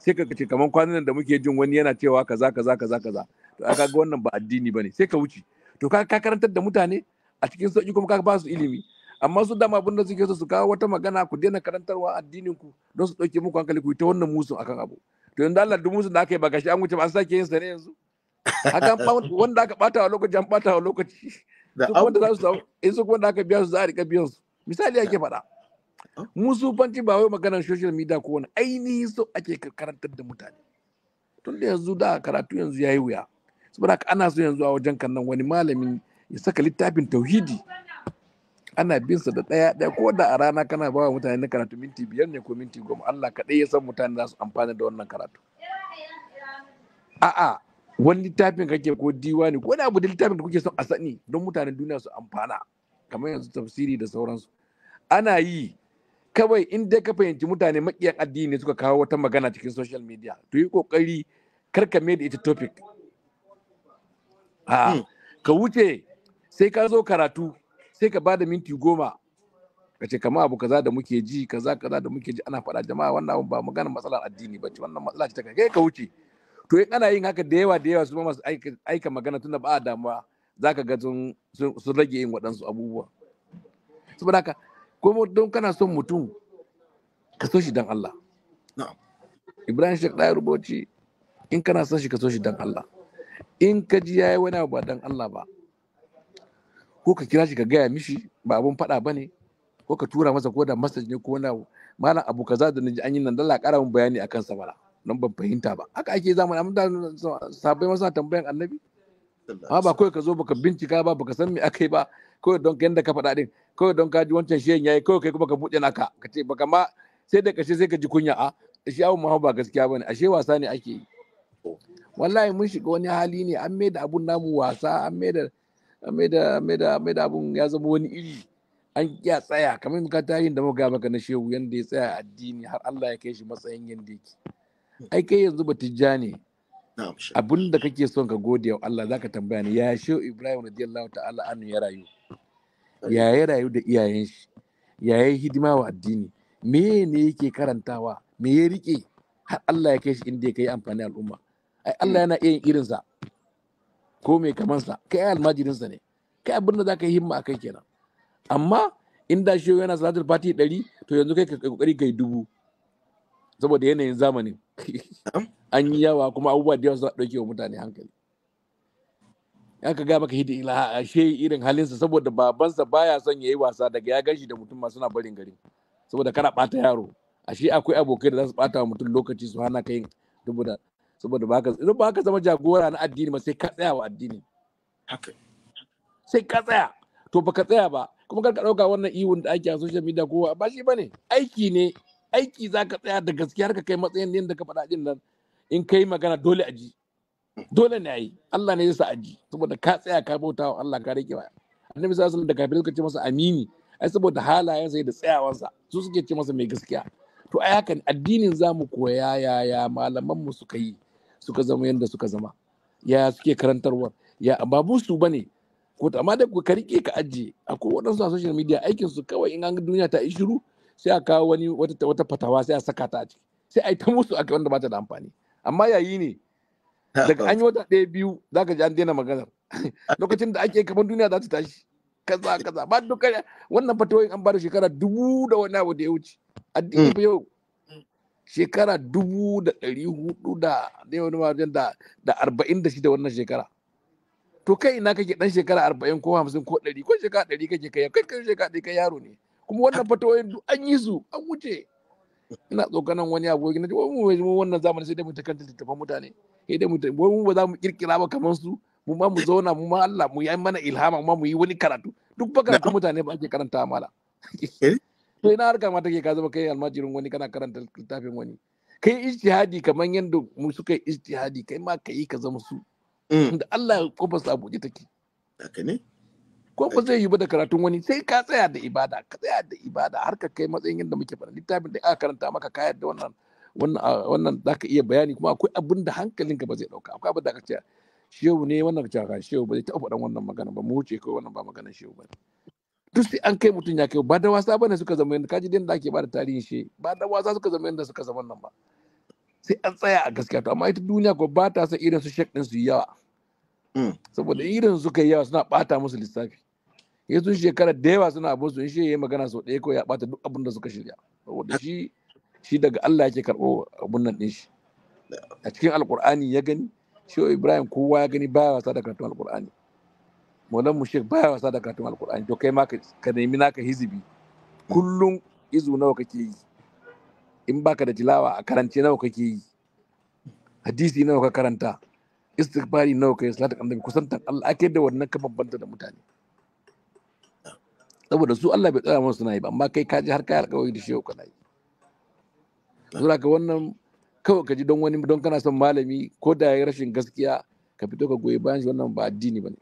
sai ka ce kamar kwanan da muke jin wani yana cewa kaza kaza kaza kaza to aka ga wannan ba addini bane sai ka wuce to ka karantar da mutane a cikin sauki kuma ka ba su ilimi amma su dama abin da suke so su kawo wata magana ku daina karantarwa addinin ku don su dauke muku hankali ku ta wannan musu akan abu to yanzu Allah duk musun da aka yi ba gashi an wuce ba an sake yin sa ne yanzu hakan wanda aka bata a lokaci an bata a lokaci su wanda za su samu in su wanda aka biya su za a rika biyan su misali ake faɗa oh. mu fanci ba wai maganar social media ko wani ainihi so ake karantar da mutane tun da yanzu da karatu yanzu yayi wuya saboda haka ana so yanzu a wajen kan nan wani malamin ya saka littafin tauhidi ana bin su da ɗaya ɗaya ko da a rana kana ba wa mutane na karatu minti biyar ne ko minti goma Allah kaɗai ya san mutane za su amfana da wannan karatu a'a wani littafin kake ko diwani ko da abu da littafin da kuke son a sani don mutanen duniya su amfana kamar yanzu tafsiri da sauransu ana yi kawai in dai ka fahimci mutane makiyan addini suka kawo wata magana cikin social media to yi kokari ka mai da ita topic hmm. ka wuce sai ka zo karatu sai ka bada minti goma ka ce kama abu kaza da muke ji kaza kaza da muke ji ana faɗa jama'a wannan abu ba maganar matsalar addini ba ce wannan matsala ce ta kai ka wuce to in ana yin haka da yawa da yawa su ma masu aika magana tunda ba a damuwa za ka ga sun rage yin waɗansu abubuwa saboda haka ko don kana son mutum ka so shi don Allah Ibrahim Sheikh Daya Rubuci in kana son shi ka so shi don Allah in ka ji yayi wani abu ba don Allah ba ko ka kira shi ka gaya mishi ba abun faɗa ba ne ko ka tura masa ko da message ne ko na malam abu kaza da naji an yi nan dalla ƙara mun bayani akan sa bala nan ban fahimta ba haka ake zamani amma sabai masa tambayan annabi amma ba kawai ka zo baka bincika ba baka san me akai ba kawai don yanda ka faɗa din kawai don ka ji wancan shehin yayi kawai kai kuma ka buɗe naka ka ce baka ma sai da kashe sai ka ji kunya a ah, shi abun ma ba gaskiya bane ashe wasa ne ake yi oh. wallahi mun shiga wani hali ne an mai da abun namu wasa an mai da mai da abun ya zama wani iri an ya tsaya kamar ka yin da muka maka na shehu yanda ya tsaya addini har Allah ya kai shi matsayin yanda yake ai kai yanzu ba tijja ne abin da kake son ka gode wa Allah zaka tambaya ne ya shehu Ibrahim radiyallahu ta'ala anhu ya rayu eh. ya ya rayu da iyayen shi ya yi hidima wa addini me ne yake karantawa me ya rike har Allah ya kai shi inda ya kai amfani al'umma ai Allah hmm. yana iya yin irinsa ko mai sa kai almajirin sa ne kai abin da zaka yi himma a kenan amma in da shi yana salatul fati ɗari to yanzu kai ka kokari kai dubu saboda yanayin zamanin an yi yawa kuma abubuwa da yawa suna dauke wa mutane hankali ya ka gaya maka hidi ila ashe irin halinsa saboda babansa baya son ya yi wasa daga ya gashi da mutum masu na barin gari saboda kana ɓata yaro ashe akwai abokai da za su ɓata wa mutum lokaci su hana kai dubu saboda saboda ba ka idan ba ka zama jagora na addini ma sai ka tsaya wa addini haka sai ka tsaya to baka tsaya ba kuma kar ka dauka wannan iwon da ake a social media ko ba shi bane aiki ne aiki za ka tsaya da gaskiya har ka kai matsayin da ka faɗa din nan in kai magana dole a ji dole ne a yi Allah ne yasa sa a ji saboda ka tsaya ka bauta wa Allah ka rike ba annabi sallallahu alaihi wasallam da kafin suka ce masa amini ai saboda halayen sai da tsayawansa su suke ce masa mai gaskiya to ai haka addinin zamu koya ya ya malaman mu suka yi suka zama yadda suka zama ya suke karantarwar ya babu su ba ne ko amma da ka rike ka ajiye akwai waɗansu a social media aikin su kawai in an duniya ta yi shiru sai a kawo wani wata fatawa sai a saka ta a ciki sai a yi ta musu a wanda ba ta da amfani amma yayi ne daga an yi wata ɗaya biyu za ka ji an daina maganar lokacin da ake kamar duniya za ta tashi kaza kaza ba duka wannan fatawoyin an ba da shekara dubu da wani abu da ya wuce addini hmm. yau shekara dubu da ɗari hudu da ne wani wajen da da arba'in da shida wannan shekara to kai ina kake dan shekara arba'in ko hamsin ko ɗari ko shekara ɗari kake kai kai kai shekara ɗari kai yaro ne kuma wannan fatawoyin duk an yi su an wuce ina tsokanan wani abu na mu mai mu wannan zamani sai dai mu ta kanta mutane sai dai mu wai mu ba za mu kirkira ba kamar su mu ma mu zauna mu ma Allah mu yi mana ilhama mu ma mu yi wani karatu duk ba karatu mutane ba ake karanta mala eh? to ina harka ma take ka zama kai almajirin wani kana karanta littafin wani kai ijtihadi kamar yanda mu suka yi ijtihadi kai ma kai ka zama su mm. da Allah ko ba sa buɗe take haka ne ko ba zai yi ba da karatun wani sai ka tsaya da ibada ka tsaya da ibada har ka kai matsayin yadda muke faɗa littafin da aka karanta maka ka yadda wannan wannan wannan zaka iya bayani kuma akwai abin da hankalinka ba zai dauka akwai abin da ka ce shehu ne wannan jaka shehu ba zai taɓa faɗan wannan magana ba mu wuce kai wannan ba magana shehu ba duk an kai mutum ya kai ba da wasa bane suka zama yadda kaji da ake ba da tarihin shi ba da wasa suka zama yadda suka zama nan ba sai an tsaya a gaskiya to amma ita duniya ko ba ta san irin su shek din su yawa mm. saboda irin su kai yawa suna bata musu lissafi yanzu shekara da yawa suna abin su in shi yayi magana sau ɗaya ko ya bata duk abin da suka shirya saboda shi shi daga Allah yake karɓo abun nan din shi a cikin alkur'ani ya gani shi ibrahim kowa ya gani baya wasa da karatun alkur'ani maulan mu shek baya wasa da karatun alkur'ani to kai ma ka nemi naka hizibi kullum izu nawa kake yi in baka da tilawa a karance nawa kake yi hadisi nawa ka karanta istighfari nawa kai salatu annabi kusantan Allah ake da wannan ka babbanta da mutane saboda su Allah bai tsaya musu nayi ba amma kai kaji har kai alƙawari da shehu kana yi saboda ka wannan kawai ka ji don wani don kana son malami ko da ya rashin gaskiya ka fito ka goyi bayan shi wannan ba addini ne.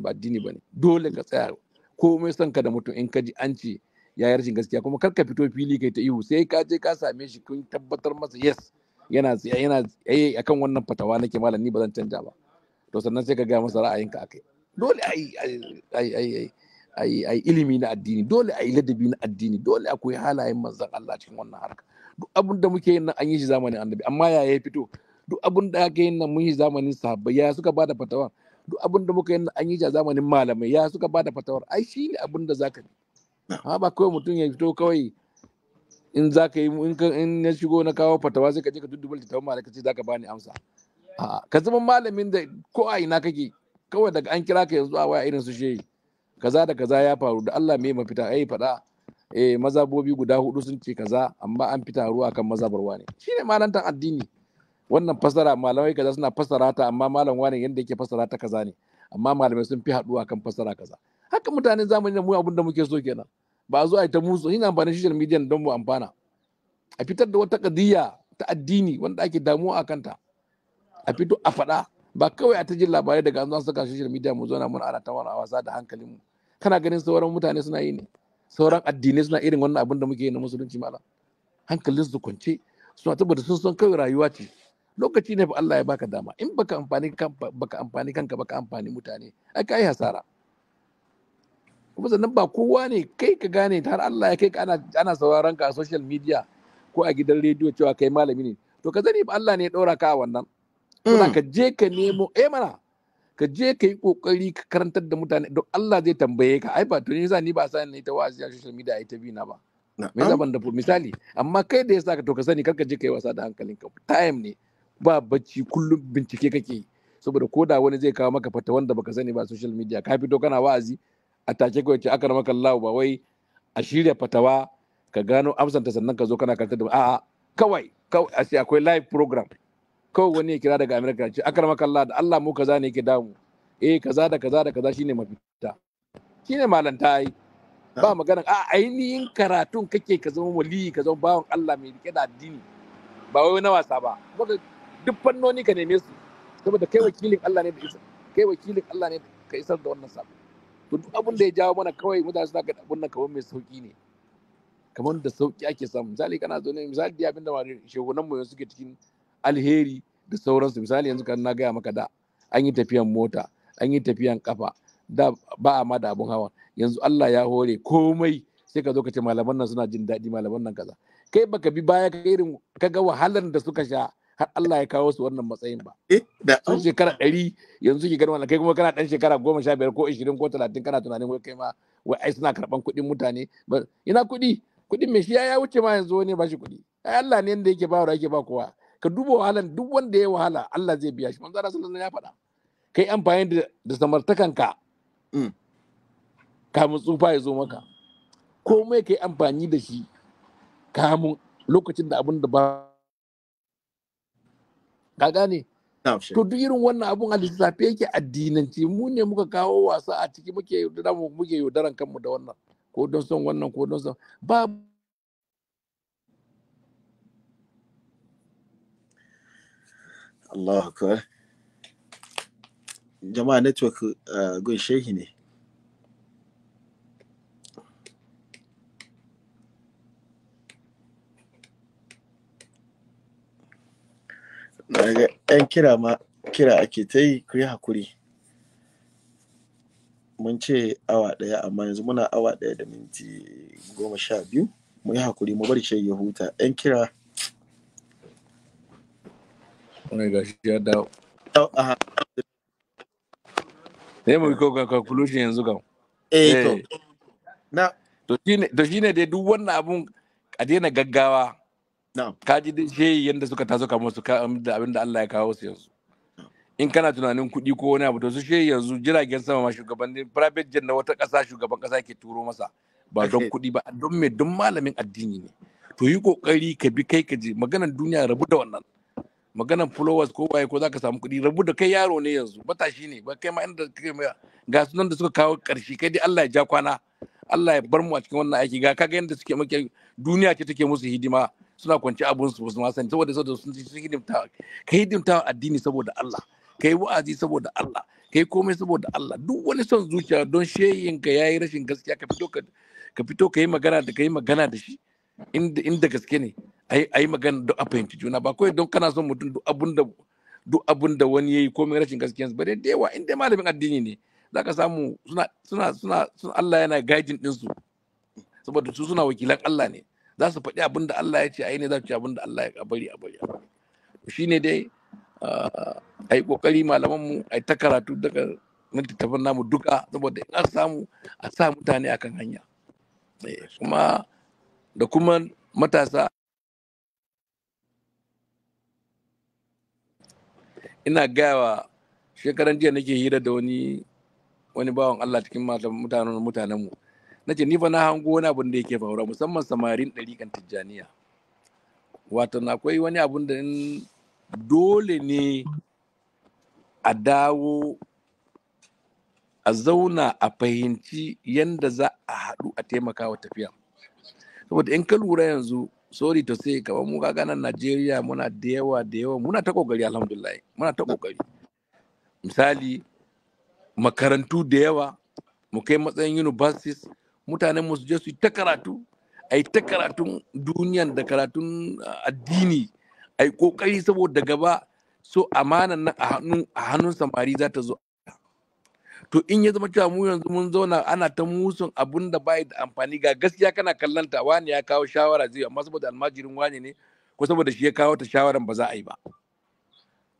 ba addini bane dole ka tsaya komai son ka da mutum in ka ji an ce ya yi rashin gaskiya kuma kar ka fito fili kai ta ihu sai ka je ka same shi kun tabbatar masa yes yana yana eh akan wannan fatawa nake malam ni ba zan canja ba to sannan sai ka ga masa ra'ayinka akai dole ai ai ai a yi ilimi na addini dole a yi ladabi na addini dole akwai halayen manzan Allah cikin wannan harka duk abin da muke yin nan an yi shi zamanin annabi amma yaya ya fito duk abin da aka yin nan mun yi zamanin sahabbai ya suka bada fatawa duk abin da muka yi an yi a zamanin malamai ya suka bada fatawar ai shi ne abin da zaka yi ha ba kawai mutum ya fito kawai in zaka yi in in ya shigo na kawo fatawa sai ka je ka dudduba littafin malamai ka ce zaka bani amsa ka zama malamin da ko a ina kake kawai daga an kira ka yanzu a waya irin su shehi kaza da kaza ya faru da Allah me mafita ai eh, fada eh mazabobi guda hudu sun ce kaza amma an fita ruwa kan mazabarwa ne shine malantan addini wannan fasara malamai kaza suna fassara ta amma malam wani yanda yake fasara ta kaza ne amma malamai sun fi haɗuwa kan fasara kaza haka mutanen zamani da mu abin da muke so kenan ba a zo a yi ta musu ina amfani social media don mu amfana a fitar da wata kadiyya ta addini wanda ake damuwa a kanta a fito a faɗa ba kawai a ta jin labarai daga an saka social media mu zauna mun ana ta wani wasa da mu kana ganin sauran mutane suna yi ne sauran addinai suna irin wannan abin da muke yi na musulunci malam su kwance suna tabbata sun san kawai rayuwa ce lokaci ne fa Allah ya baka dama in baka amfani kanka baka amfani kanka baka amfani mutane ai kai hasara kuma sannan ba kowa ne kai ka gane har Allah ya kai ka ana ana sauraron ka a social media ko a gidan rediyo cewa kai malami ne to ka zani Allah ne ya daura ka a wannan mm. ka je ka nemo eh mana ka je ka yi kokari ka karantar da mutane don Allah zai tambaye ka ai ba to ni za ni ba sa ni ta wa'azi a social media ai ta bi na ba me zaban da misali amma kai da yasa ka to ka sani kar ka je ka yi wasa da hankalinka time ne ba bacci kullum bincike kake yi saboda ko da wani zai kawo maka fata wanda baka sani ba social media ka fito kana wa'azi a take kawai ce aka maka Allah ba wai a shirya fatawa ka gano amsanta sannan ka zo kana karanta da a'a kawai kawai a akwai live program kawai wani ya kira daga America ce aka maka Allah da Allah mu kaza ne yake damu eh kaza da kaza da kaza shine mafita shine malanta ai ba magana a ainihin karatun kake ka zama waliyi ka zama bawan Allah mai rike da addini ba wai na wasa ba duk fannoni ka neme su saboda kai wakilin Allah ne da isa kai wakilin Allah ne ka isar da wannan sako to duk abin da ya jawo mana kawai mutane suna ga abun nan kamar mai sauki ne kamar da sauki ake samu misali kana zo ne misali da abin da shehunan mu suke cikin alheri da sauransu misali yanzu kan na gaya maka da an yi tafiyan mota an yi tafiyan kafa da ba a ma da abun hawa yanzu Allah ya hore komai sai ka zo ka ce malaman nan suna jin daɗi malaman nan kaza kai baka bi baya ka irin ka ga wahalar da suka sha har Allah ya kawo su wannan matsayin ba. Eh, sun shekara ɗari yanzu ke gani kai kuma kana ɗan shekara goma sha biyar ko ashirin ko talatin kana tunanin wai kai ma wai ai suna karɓan kuɗin mutane ina kuɗi kuɗin mai shi ya wuce ma yanzu wani ba shi kuɗi ai Allah ne yanda yake ba wa yake ba kowa ka duba wahalan duk wanda ya wahala Allah zai biya shi manzo sun ya faɗa kai amfani da ka. Mm. kamun tsufa ya zo maka komai kai amfani da shi kamun lokacin da abin da ba ka gane to duk irin wannan abun a lissafi yake addinanci mu ne muka kawo wasa a ciki muke yaudara mu muke yaudaran kanmu da wannan ko don son wannan ko don son ba Allah akbar jama'a network uh, gun shehi ne daga yan kira ma kira ake ta yi ku yi hakuri mun ce awa ɗaya amma yanzu muna awa ɗaya da minti goma sha biyu mu yi hakuri mu bar shi ya huta yan kira wani gashi ya dawo ne eh, mu ko ga conclusion yanzu kan eh to eh. na to shine to shine dai duk wannan abun a daina gaggawa ka ji shi yadda suka taso ka musu um, da abin da Allah ya kawo su yanzu in kana tunanin kuɗi ko wani abu to su shi yanzu jiragen sama ma shugabannin private jet na wata ƙasa shugaban ƙasa ke turo masa ba don kuɗi ba don me don malamin addini ne to yi kokari ka bi kai ka je maganar duniya rabu da wannan maganar followers ko waye ko za ka samu kuɗi rabu da kai yaro ne yanzu matashi ne ba kai ma inda kai ga sunan da suka kawo ƙarshe kai dai Allah ya ja kwana Allah ya bar mu a cikin wannan aiki ga kaga yadda suke muke duniya ce take musu hidima suna kwanci abun su su ma sani saboda saboda sun sun hidimta ka hidimta addini saboda Allah ka yi wa'azi saboda Allah kai komai saboda Allah duk wani son zuciya don sheyin ka yayi rashin gaskiya ka fito ka ka fito ka yi magana da ka yi magana da shi inda inda gaske ne a yi magana don a fahimci juna ba kawai don kana son mutum duk abun da duk abun da wani yayi komai rashin gaskiya ba dai da yawa inda malamin addini ne za ka samu suna suna suna Allah yana gajin ɗinsu saboda su suna wakilan Allah ne za su faɗi abin da Allah ya ce a yi ne za su ci abin da Allah ya bari a bari shi ne dai ah, a yi ƙoƙari mu a yi ta karatu daga littattafan namu duka saboda in an samu a sa mutane akan hanya eh, kuma da kuma matasa ina gayawa shekaran jiya nake hira da wani wani bawan Allah cikin mutanen mutanenmu na ce ni na hango wani abin da yake faruwa musamman samarin kan tijjaniya wato akwai wani abin da dole ne a dawo a zauna a fahimci yadda za a haɗu a taimaka wa tafiya saboda in ka lura yanzu sorry to say kamar mu kaga nan Najeriya muna da yawa da yawa muna ta kokari alhamdulillah muna ta kokari misali makarantu da yawa mu kai matsayin universities mutanen musu su je su ta karatu a yi ta karatun duniyan da karatun addini a yi kokari saboda gaba so amana nan a hannun samari za ta zo to in ya zama cewa mu yanzu mun zauna ana ta musun abun da bai da amfani ga gaskiya kana kallanta wani ya kawo shawara zai amma saboda almajirin wani ne ko saboda shi ya kawo ta shawaran ba za a yi ba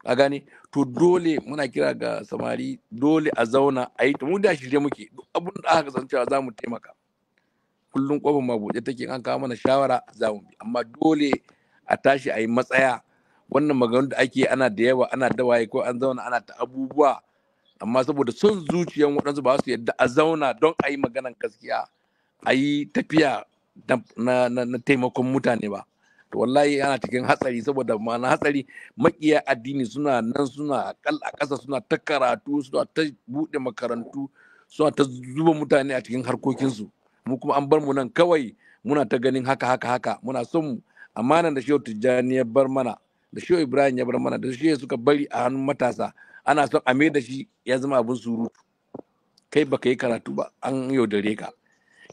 a gane to dole muna kira ga samari dole a zauna a yi ta mu da shirye muke duk abun da aka san cewa za mu taimaka kullum kwabin ma buɗe take an kawo mana shawara za mu bi amma dole a tashi a yi matsaya wannan maganganu da ake ana da yawa ana da waye ko an zauna ana ta abubuwa amma saboda son zuciyan waɗansu ba su yadda a zauna don a yi maganan gaskiya a yi tafiya na, taimakon mutane ba to wallahi ana cikin hatsari saboda ma'ana hatsari makiya addini suna nan suna a ƙasa suna ta karatu suna ta buɗe makarantu suna ta zuba mutane a cikin harkokinsu mu kuma an bar mu nan kawai muna ta ganin haka haka haka muna son mu amma nan da shehu tijjani ya bar mana da shehu ibrahim ya bar mana da shehu suka bari a hannun matasa ana son a da shi ya zama abin surutu kai baka yi karatu ba an yaudare ka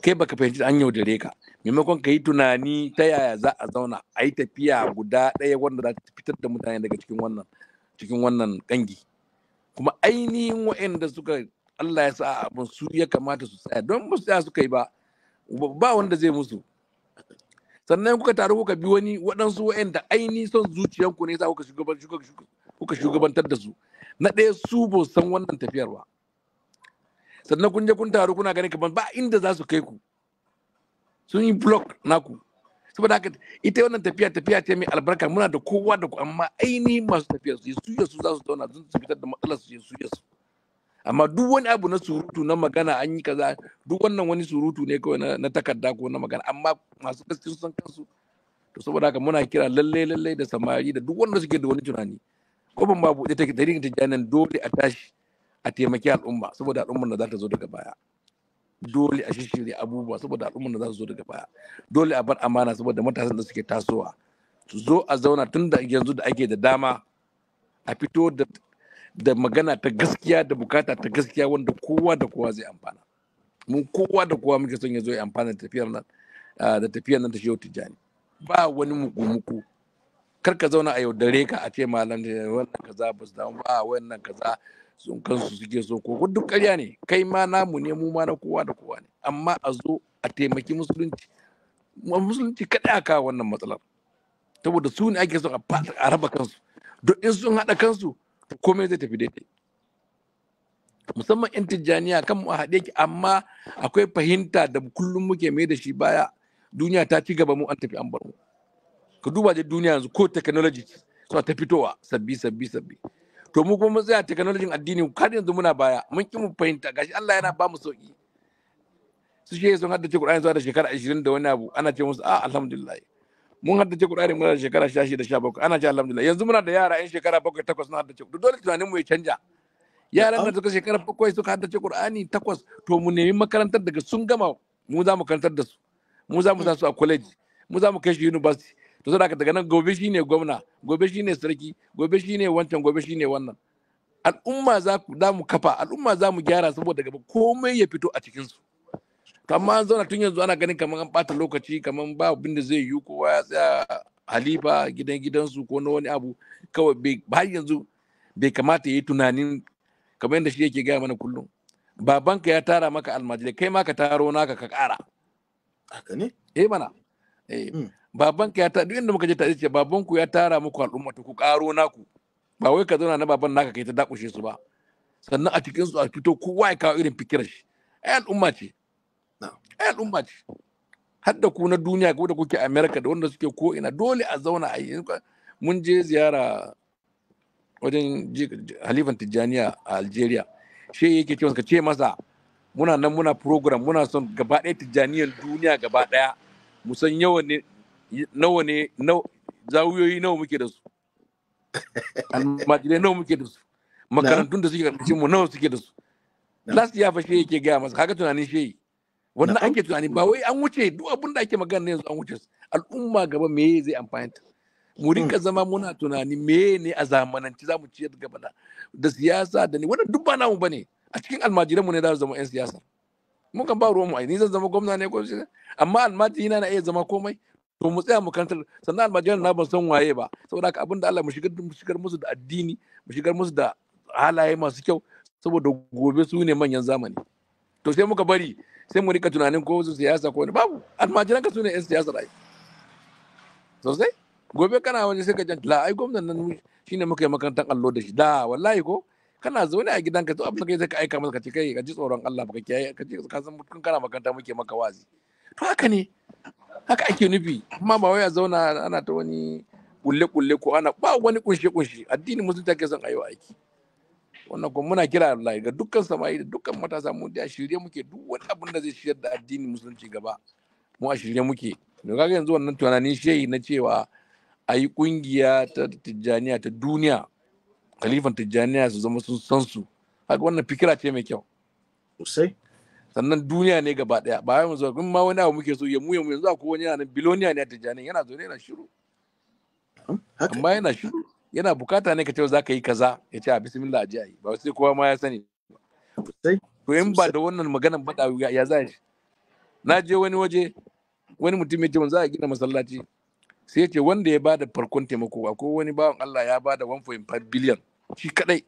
kai baka fahimci an yaudare ka maimakon ka yi tunani ta yaya za a zauna a yi tafiya guda ɗaya wanda za ta fitar da mutane daga cikin wannan cikin wannan kangi kuma ainihin wa'inda suka Allah ya sa abin su ya kamata su tsaya don ba su tsaya suka yi ba ba wanda zai musu sannan kuka taru kuka bi wani waɗansu da aini son zuciyanku ne sa kuka shugabantar da su na ɗaya su ba san wannan tafiyar ba sannan kun je kun taru kuna ganin kamar ba inda za su kai ku sun yi block naku saboda haka ita wannan tafiya tafiya ce mai albarka muna da kowa da ku amma aini masu tafiyar su su su za su zauna sun su fitar da matsalar su su su amma duk wani abu na surutu na magana an yi kaza duk wannan wani surutu ne kawai na takarda ko na magana amma masu gaskiya sun kansu to saboda haka muna kira lalle lalle da samari da duk wanda suke da wani tunani kofin babu ita take tarihin tijanin dole a tashi a taimaki al'umma saboda al'ummar da za ta zo daga baya dole a shishiri abubuwa saboda al'ummar da za su zo daga baya dole a bar amana saboda matasan da suke tasowa su zo a zauna tun da yanzu da ake da dama a fito da da magana ta gaskiya da bukata ta gaskiya wanda kowa da kowa zai amfana mun kowa da kowa muke son ya zo ya amfana da tafiyar nan ah, da tafiyar nan ta shi yau ba wani muku-muku kar ka zauna a yaudare ka a ce malam eh, wannan kaza ba su damu ba wannan kaza sun kansu suke so ko duk ƙarya ne kai ma namu ne mu ma na kowa da kowa ne amma a zo a taimaki musulunci musulunci kada a kawo wannan matsalar saboda su ne ake so a raba kansu don in sun haɗa kansu komai zai tafi daidai musamman yan tijjaniya kan mu haɗe ki amma akwai fahimta da kullum muke mai da shi baya duniya ta ci gaba mu an tafi an bar mu ka duba da duniya yanzu ko technology suna ta fitowa sabbi sabbi sabbi to mu kuma tsaya technology addini kar yanzu muna baya mun ki mu fahimta gashi Allah yana ba mu sauki su shi sun haddace Qur'ani zuwa da shekara 20 da wani abu ana ce musu a ah, alhamdulillah mun haddace Qur'ani muna da shekara sha shida sha bakwai. ana ce alhamdulillah yanzu muna da yara yan shekara bakwai takwas na haddace duk dole tunanin mu ya canja yaran da suka shekara bakwai suka haddace kur'ani takwas. to mu nemi makarantar daga sun gama mu za mu karantar da su mu za mu sa su a college mu za mu kai shi university to sai daga nan gobe shi ne gwamna gobe shi ne sarki gobe shi ne wancan gobe shi ne wannan al'umma za mu kafa al'umma za mu gyara saboda gaba komai ya fito a cikinsu amma an zauna tun yanzu ana ganin kamar an ɓata lokaci kamar ba abin da zai yi kowa ya tsaya halifa gidan gidansu ko na wani abu kawai har yanzu bai kamata ya yi tunanin kamar yadda shi yake gaya mana kullum babanka ya tara maka almajirai kai ma ka taro naka ka kara. haka ne eh mana eh hmm. babanka ya tara duk inda muka je ta ce babanku ya tara muku al'umma ku karo naku ba wai ka zauna na baban naka kai ta dakushe su ba sannan a cikin su a fito kowa ya kawo irin fikirar shi ai al'umma ce ai eh, al'umma ce har da ku na duniya ko da kuke america da wanda suke ko ina dole a zauna a yi mun je ziyara wajen halifan tijjaniya a algeria shi yake cewa ka ce masa muna nan muna program muna son gaba ɗaya tijjaniyar duniya gaba ɗaya mu san yawa ne nawa ne zawiyoyi nawa muke da su almajirai nawa muke da su makarantun da suke karkashin mu nawa suke da su last ya fashe yake gaya masa haka tunanin shi wannan ake tunani ba wai an wuce duk abin da ake magana yanzu an wuce al'umma gaba me zai amfani ta mu hmm. rinka zama muna tunani me ne a zamananci za mu ciyar gaba da da siyasa da ni wannan duk ba namu bane a cikin almajiranmu ne za su zama yan siyasa mun kan ba ruwan mu ai ni zan zama gwamna ne ko amma almajiri na iya zama komai to mu tsaya mu kantar sannan almajiran na ban san waye ba saboda haka abin da Allah mu shigar mu shigar musu da addini mu shigar musu da halaye masu kyau saboda gobe su ne manyan zamani to sai muka bari sai mu rika tunanin ko su siyasa ko babu almajiran ka sune 'yan siyasa rai sosai gobe kana waje sai ka jan la ai gwamnan nan shine muka yi makarantar allo da shi da wallahi ko kana zaune a gidanka to abin da kai sai ka aika masa ka ce kai ka ji tsoron Allah baka kiyaye ka ji ka san kun kana makarantar muke maka wazi to haka ne haka ake nufi amma ba wai a zauna ana ta wani kulle kulle ko ana ba wani kunshe kunshe addini musulunci ke son ayo aiki wannan kuma muna kira Allah ga dukkan samayi da dukkan matasa mu da shirye muke duk wani abin da zai shirya da addinin musulunci gaba mu a shirye muke to kaga yanzu wannan tunanin shehi na cewa a yi kungiya ta tijjaniya ta duniya khalifan tijjaniya su zama sun san su kaga wannan fikira ce mai kyau sosai sannan duniya ne gaba daya ba wai mu zo ma wani abu muke so ya mu mu yanzu akwai wani yana biloniya ne a tijjaniya yana zo yana shiru amma yana shiru yana bukata ne ka ce za ka yi kaza ya ce a bismillah a yi ba sai kowa ma ya sani to in ba da wannan maganan bada ya za shi na je wani waje wani mutum ya ce za a gina masallaci sai ya ce wanda ya bada farkon taimako ko wani bawan Allah ya bada 1.5 billion shi kadai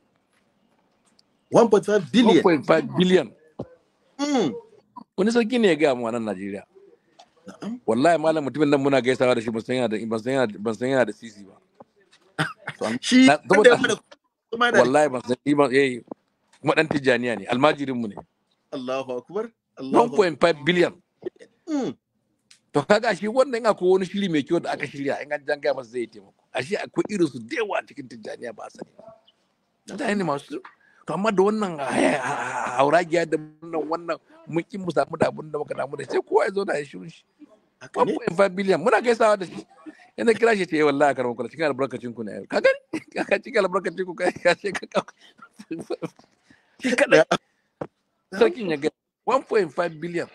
1.5 billion 1.5 billion hmm. wani sarki ne ya gaya mu a nan Najeriya wallahi malam mutumin nan muna gaisawa da shi ban san yana da sisi ba shi wallahi ban san iman eh kuma dan tijaniya ne almajirin mu ne Allahu akbar 1.5 billion mm. to kaga shi wannan akwai wani shiri mai kyau da aka shirya in an janga masa zai taimako ashe akwai irin su da yawa cikin tijaniya ba sani mutane ne masu to amma da wannan hauragiya da wannan wannan mun kin mu samu da abin da muka damu da sai kowa ya zo da ya shiru shi 1.5 billion muna gaisawa da shi ina kira shi ce eh, wallahi karamar kula cikin albarkacin ku na yau ka gani ka cikin albarkacin ku kai ka ce ka shi kadai sarkin ya point 1.5 billion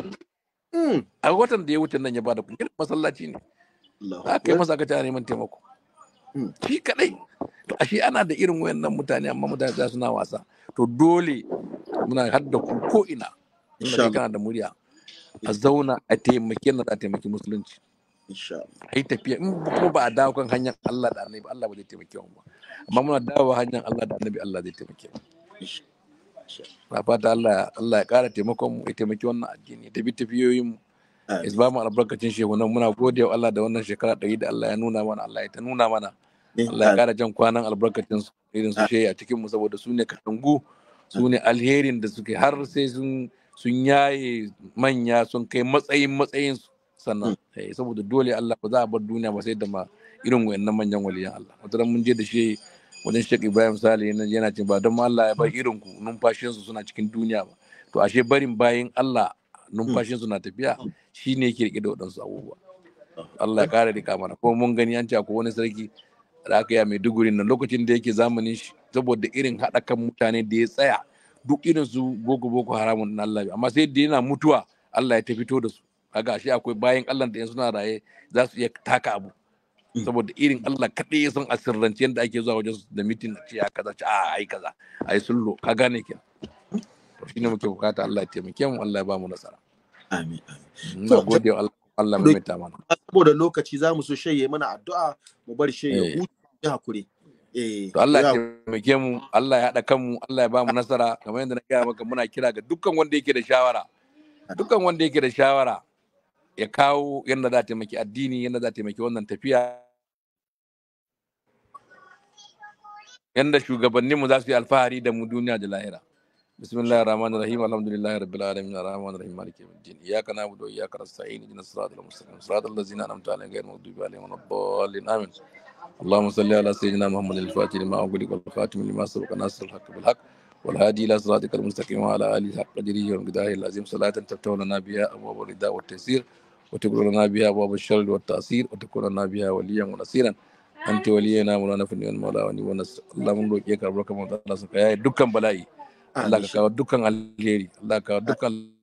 hmm. a watan da ya wuce nan ya bada kuɗi masallaci ne ka yi masa aka ta neman taimako hmm. shi kaɗai to ashe ana da irin wayannan mutane amma mutane za suna wasa to dole muna hadda ku ko ina inda kana da murya a zauna a taimake na a taimaki musulunci insha Allah ai tafiya in kuma ba a dawo kan hanyar Allah da Annabi Allah ba zai taimake mu ba amma muna dawo hanyar Allah da Annabi Allah zai taimake mu na fata Allah Allah ya kara taimakon mu ya taimaki wannan addini da bi tafiyoyin mu is ba mu albarkacin shehunan muna godewa wa Allah da wannan shekara ɗari da Allah ya nuna mana Allah ya ta nuna mana Allah ya kara jan kwanan albarkacin su irin su shehi a cikin mu saboda su ne katangu su ne alherin da suke har sai sun sun yaye manya sun kai matsayin matsayin su sannan mm. eh, saboda dole Allah ba za a bar duniya ba sai da ma irin wayannan manyan waliyan Allah wata mun je da shi wajen Sheikh Ibrahim Sale yana cin ba don Allah ya bar irin ku numfashin su suna cikin duniya ba to ashe barin bayin Allah numfashin su na tafiya mm. shine yake rike da waɗansu abubuwa mm. Allah ya kare da mana kuma mun gani an ce ko wani sarki da aka yi dugurin nan lokacin da yake zamanin shi saboda irin haɗa kan mutane da ya tsaya duk irin su boko boko haramun na Allah amma sai da yana mutuwa Allah ya tafito da su a gashi akwai bayan Allah da yanzu na raye za su iya taka abu mm. saboda irin Allah kaɗai ya san asirrance yadda ake zuwa wajen da mitin ce ya kaza ce a ai kaza ai lo ka gane ke to shine muke bukata Allah ya taimake mu Allah ya ba mu nasara amin amin ina gode wa Allah Allah mai mita mana saboda lokaci za mu so shayye mana addu'a mu bar shayye eh. hutu hakuri eh, to Allah ya taimake mu Allah ya haɗa kanmu Allah ya ba mu nasara kamar yadda na gaya maka muna kira ga dukkan wanda yake da shawara dukkan wanda yake da shawara ya kawo yadda za ta taimaki addini yadda za ta taimaki wannan tafiya yadda shugabanninmu za su yi alfahari da mu duniya da lahira bismillahir rahmanir rahim alhamdulillahi rabbil alamin arrahmanir rahim maliki yawmiddin iyyaka na'budu wa iyyaka nasta'in ihdinas siratal mustaqim siratal ladzina an'amta alaihim ghayril maghdubi alaihim waladdallin amin اللهم صل على سيدنا محمد الفاتح لما أغلق والخاتم لما سبق ناصر الحق بالحق والهادي إلى صراطك المستقيم وعلى آله حق قدره ومقداره العظيم صلاة لنا بها أبواب الرداء والتيسير وتكون لنا بها باب الشر والتأثير وتكون لنا بها وليا ونصيرا أنت ولينا مولانا في الله من اللهم نرويك ربك مولانا سكايا دكان بلاي الله ka دكان dukkan الله Allah دكان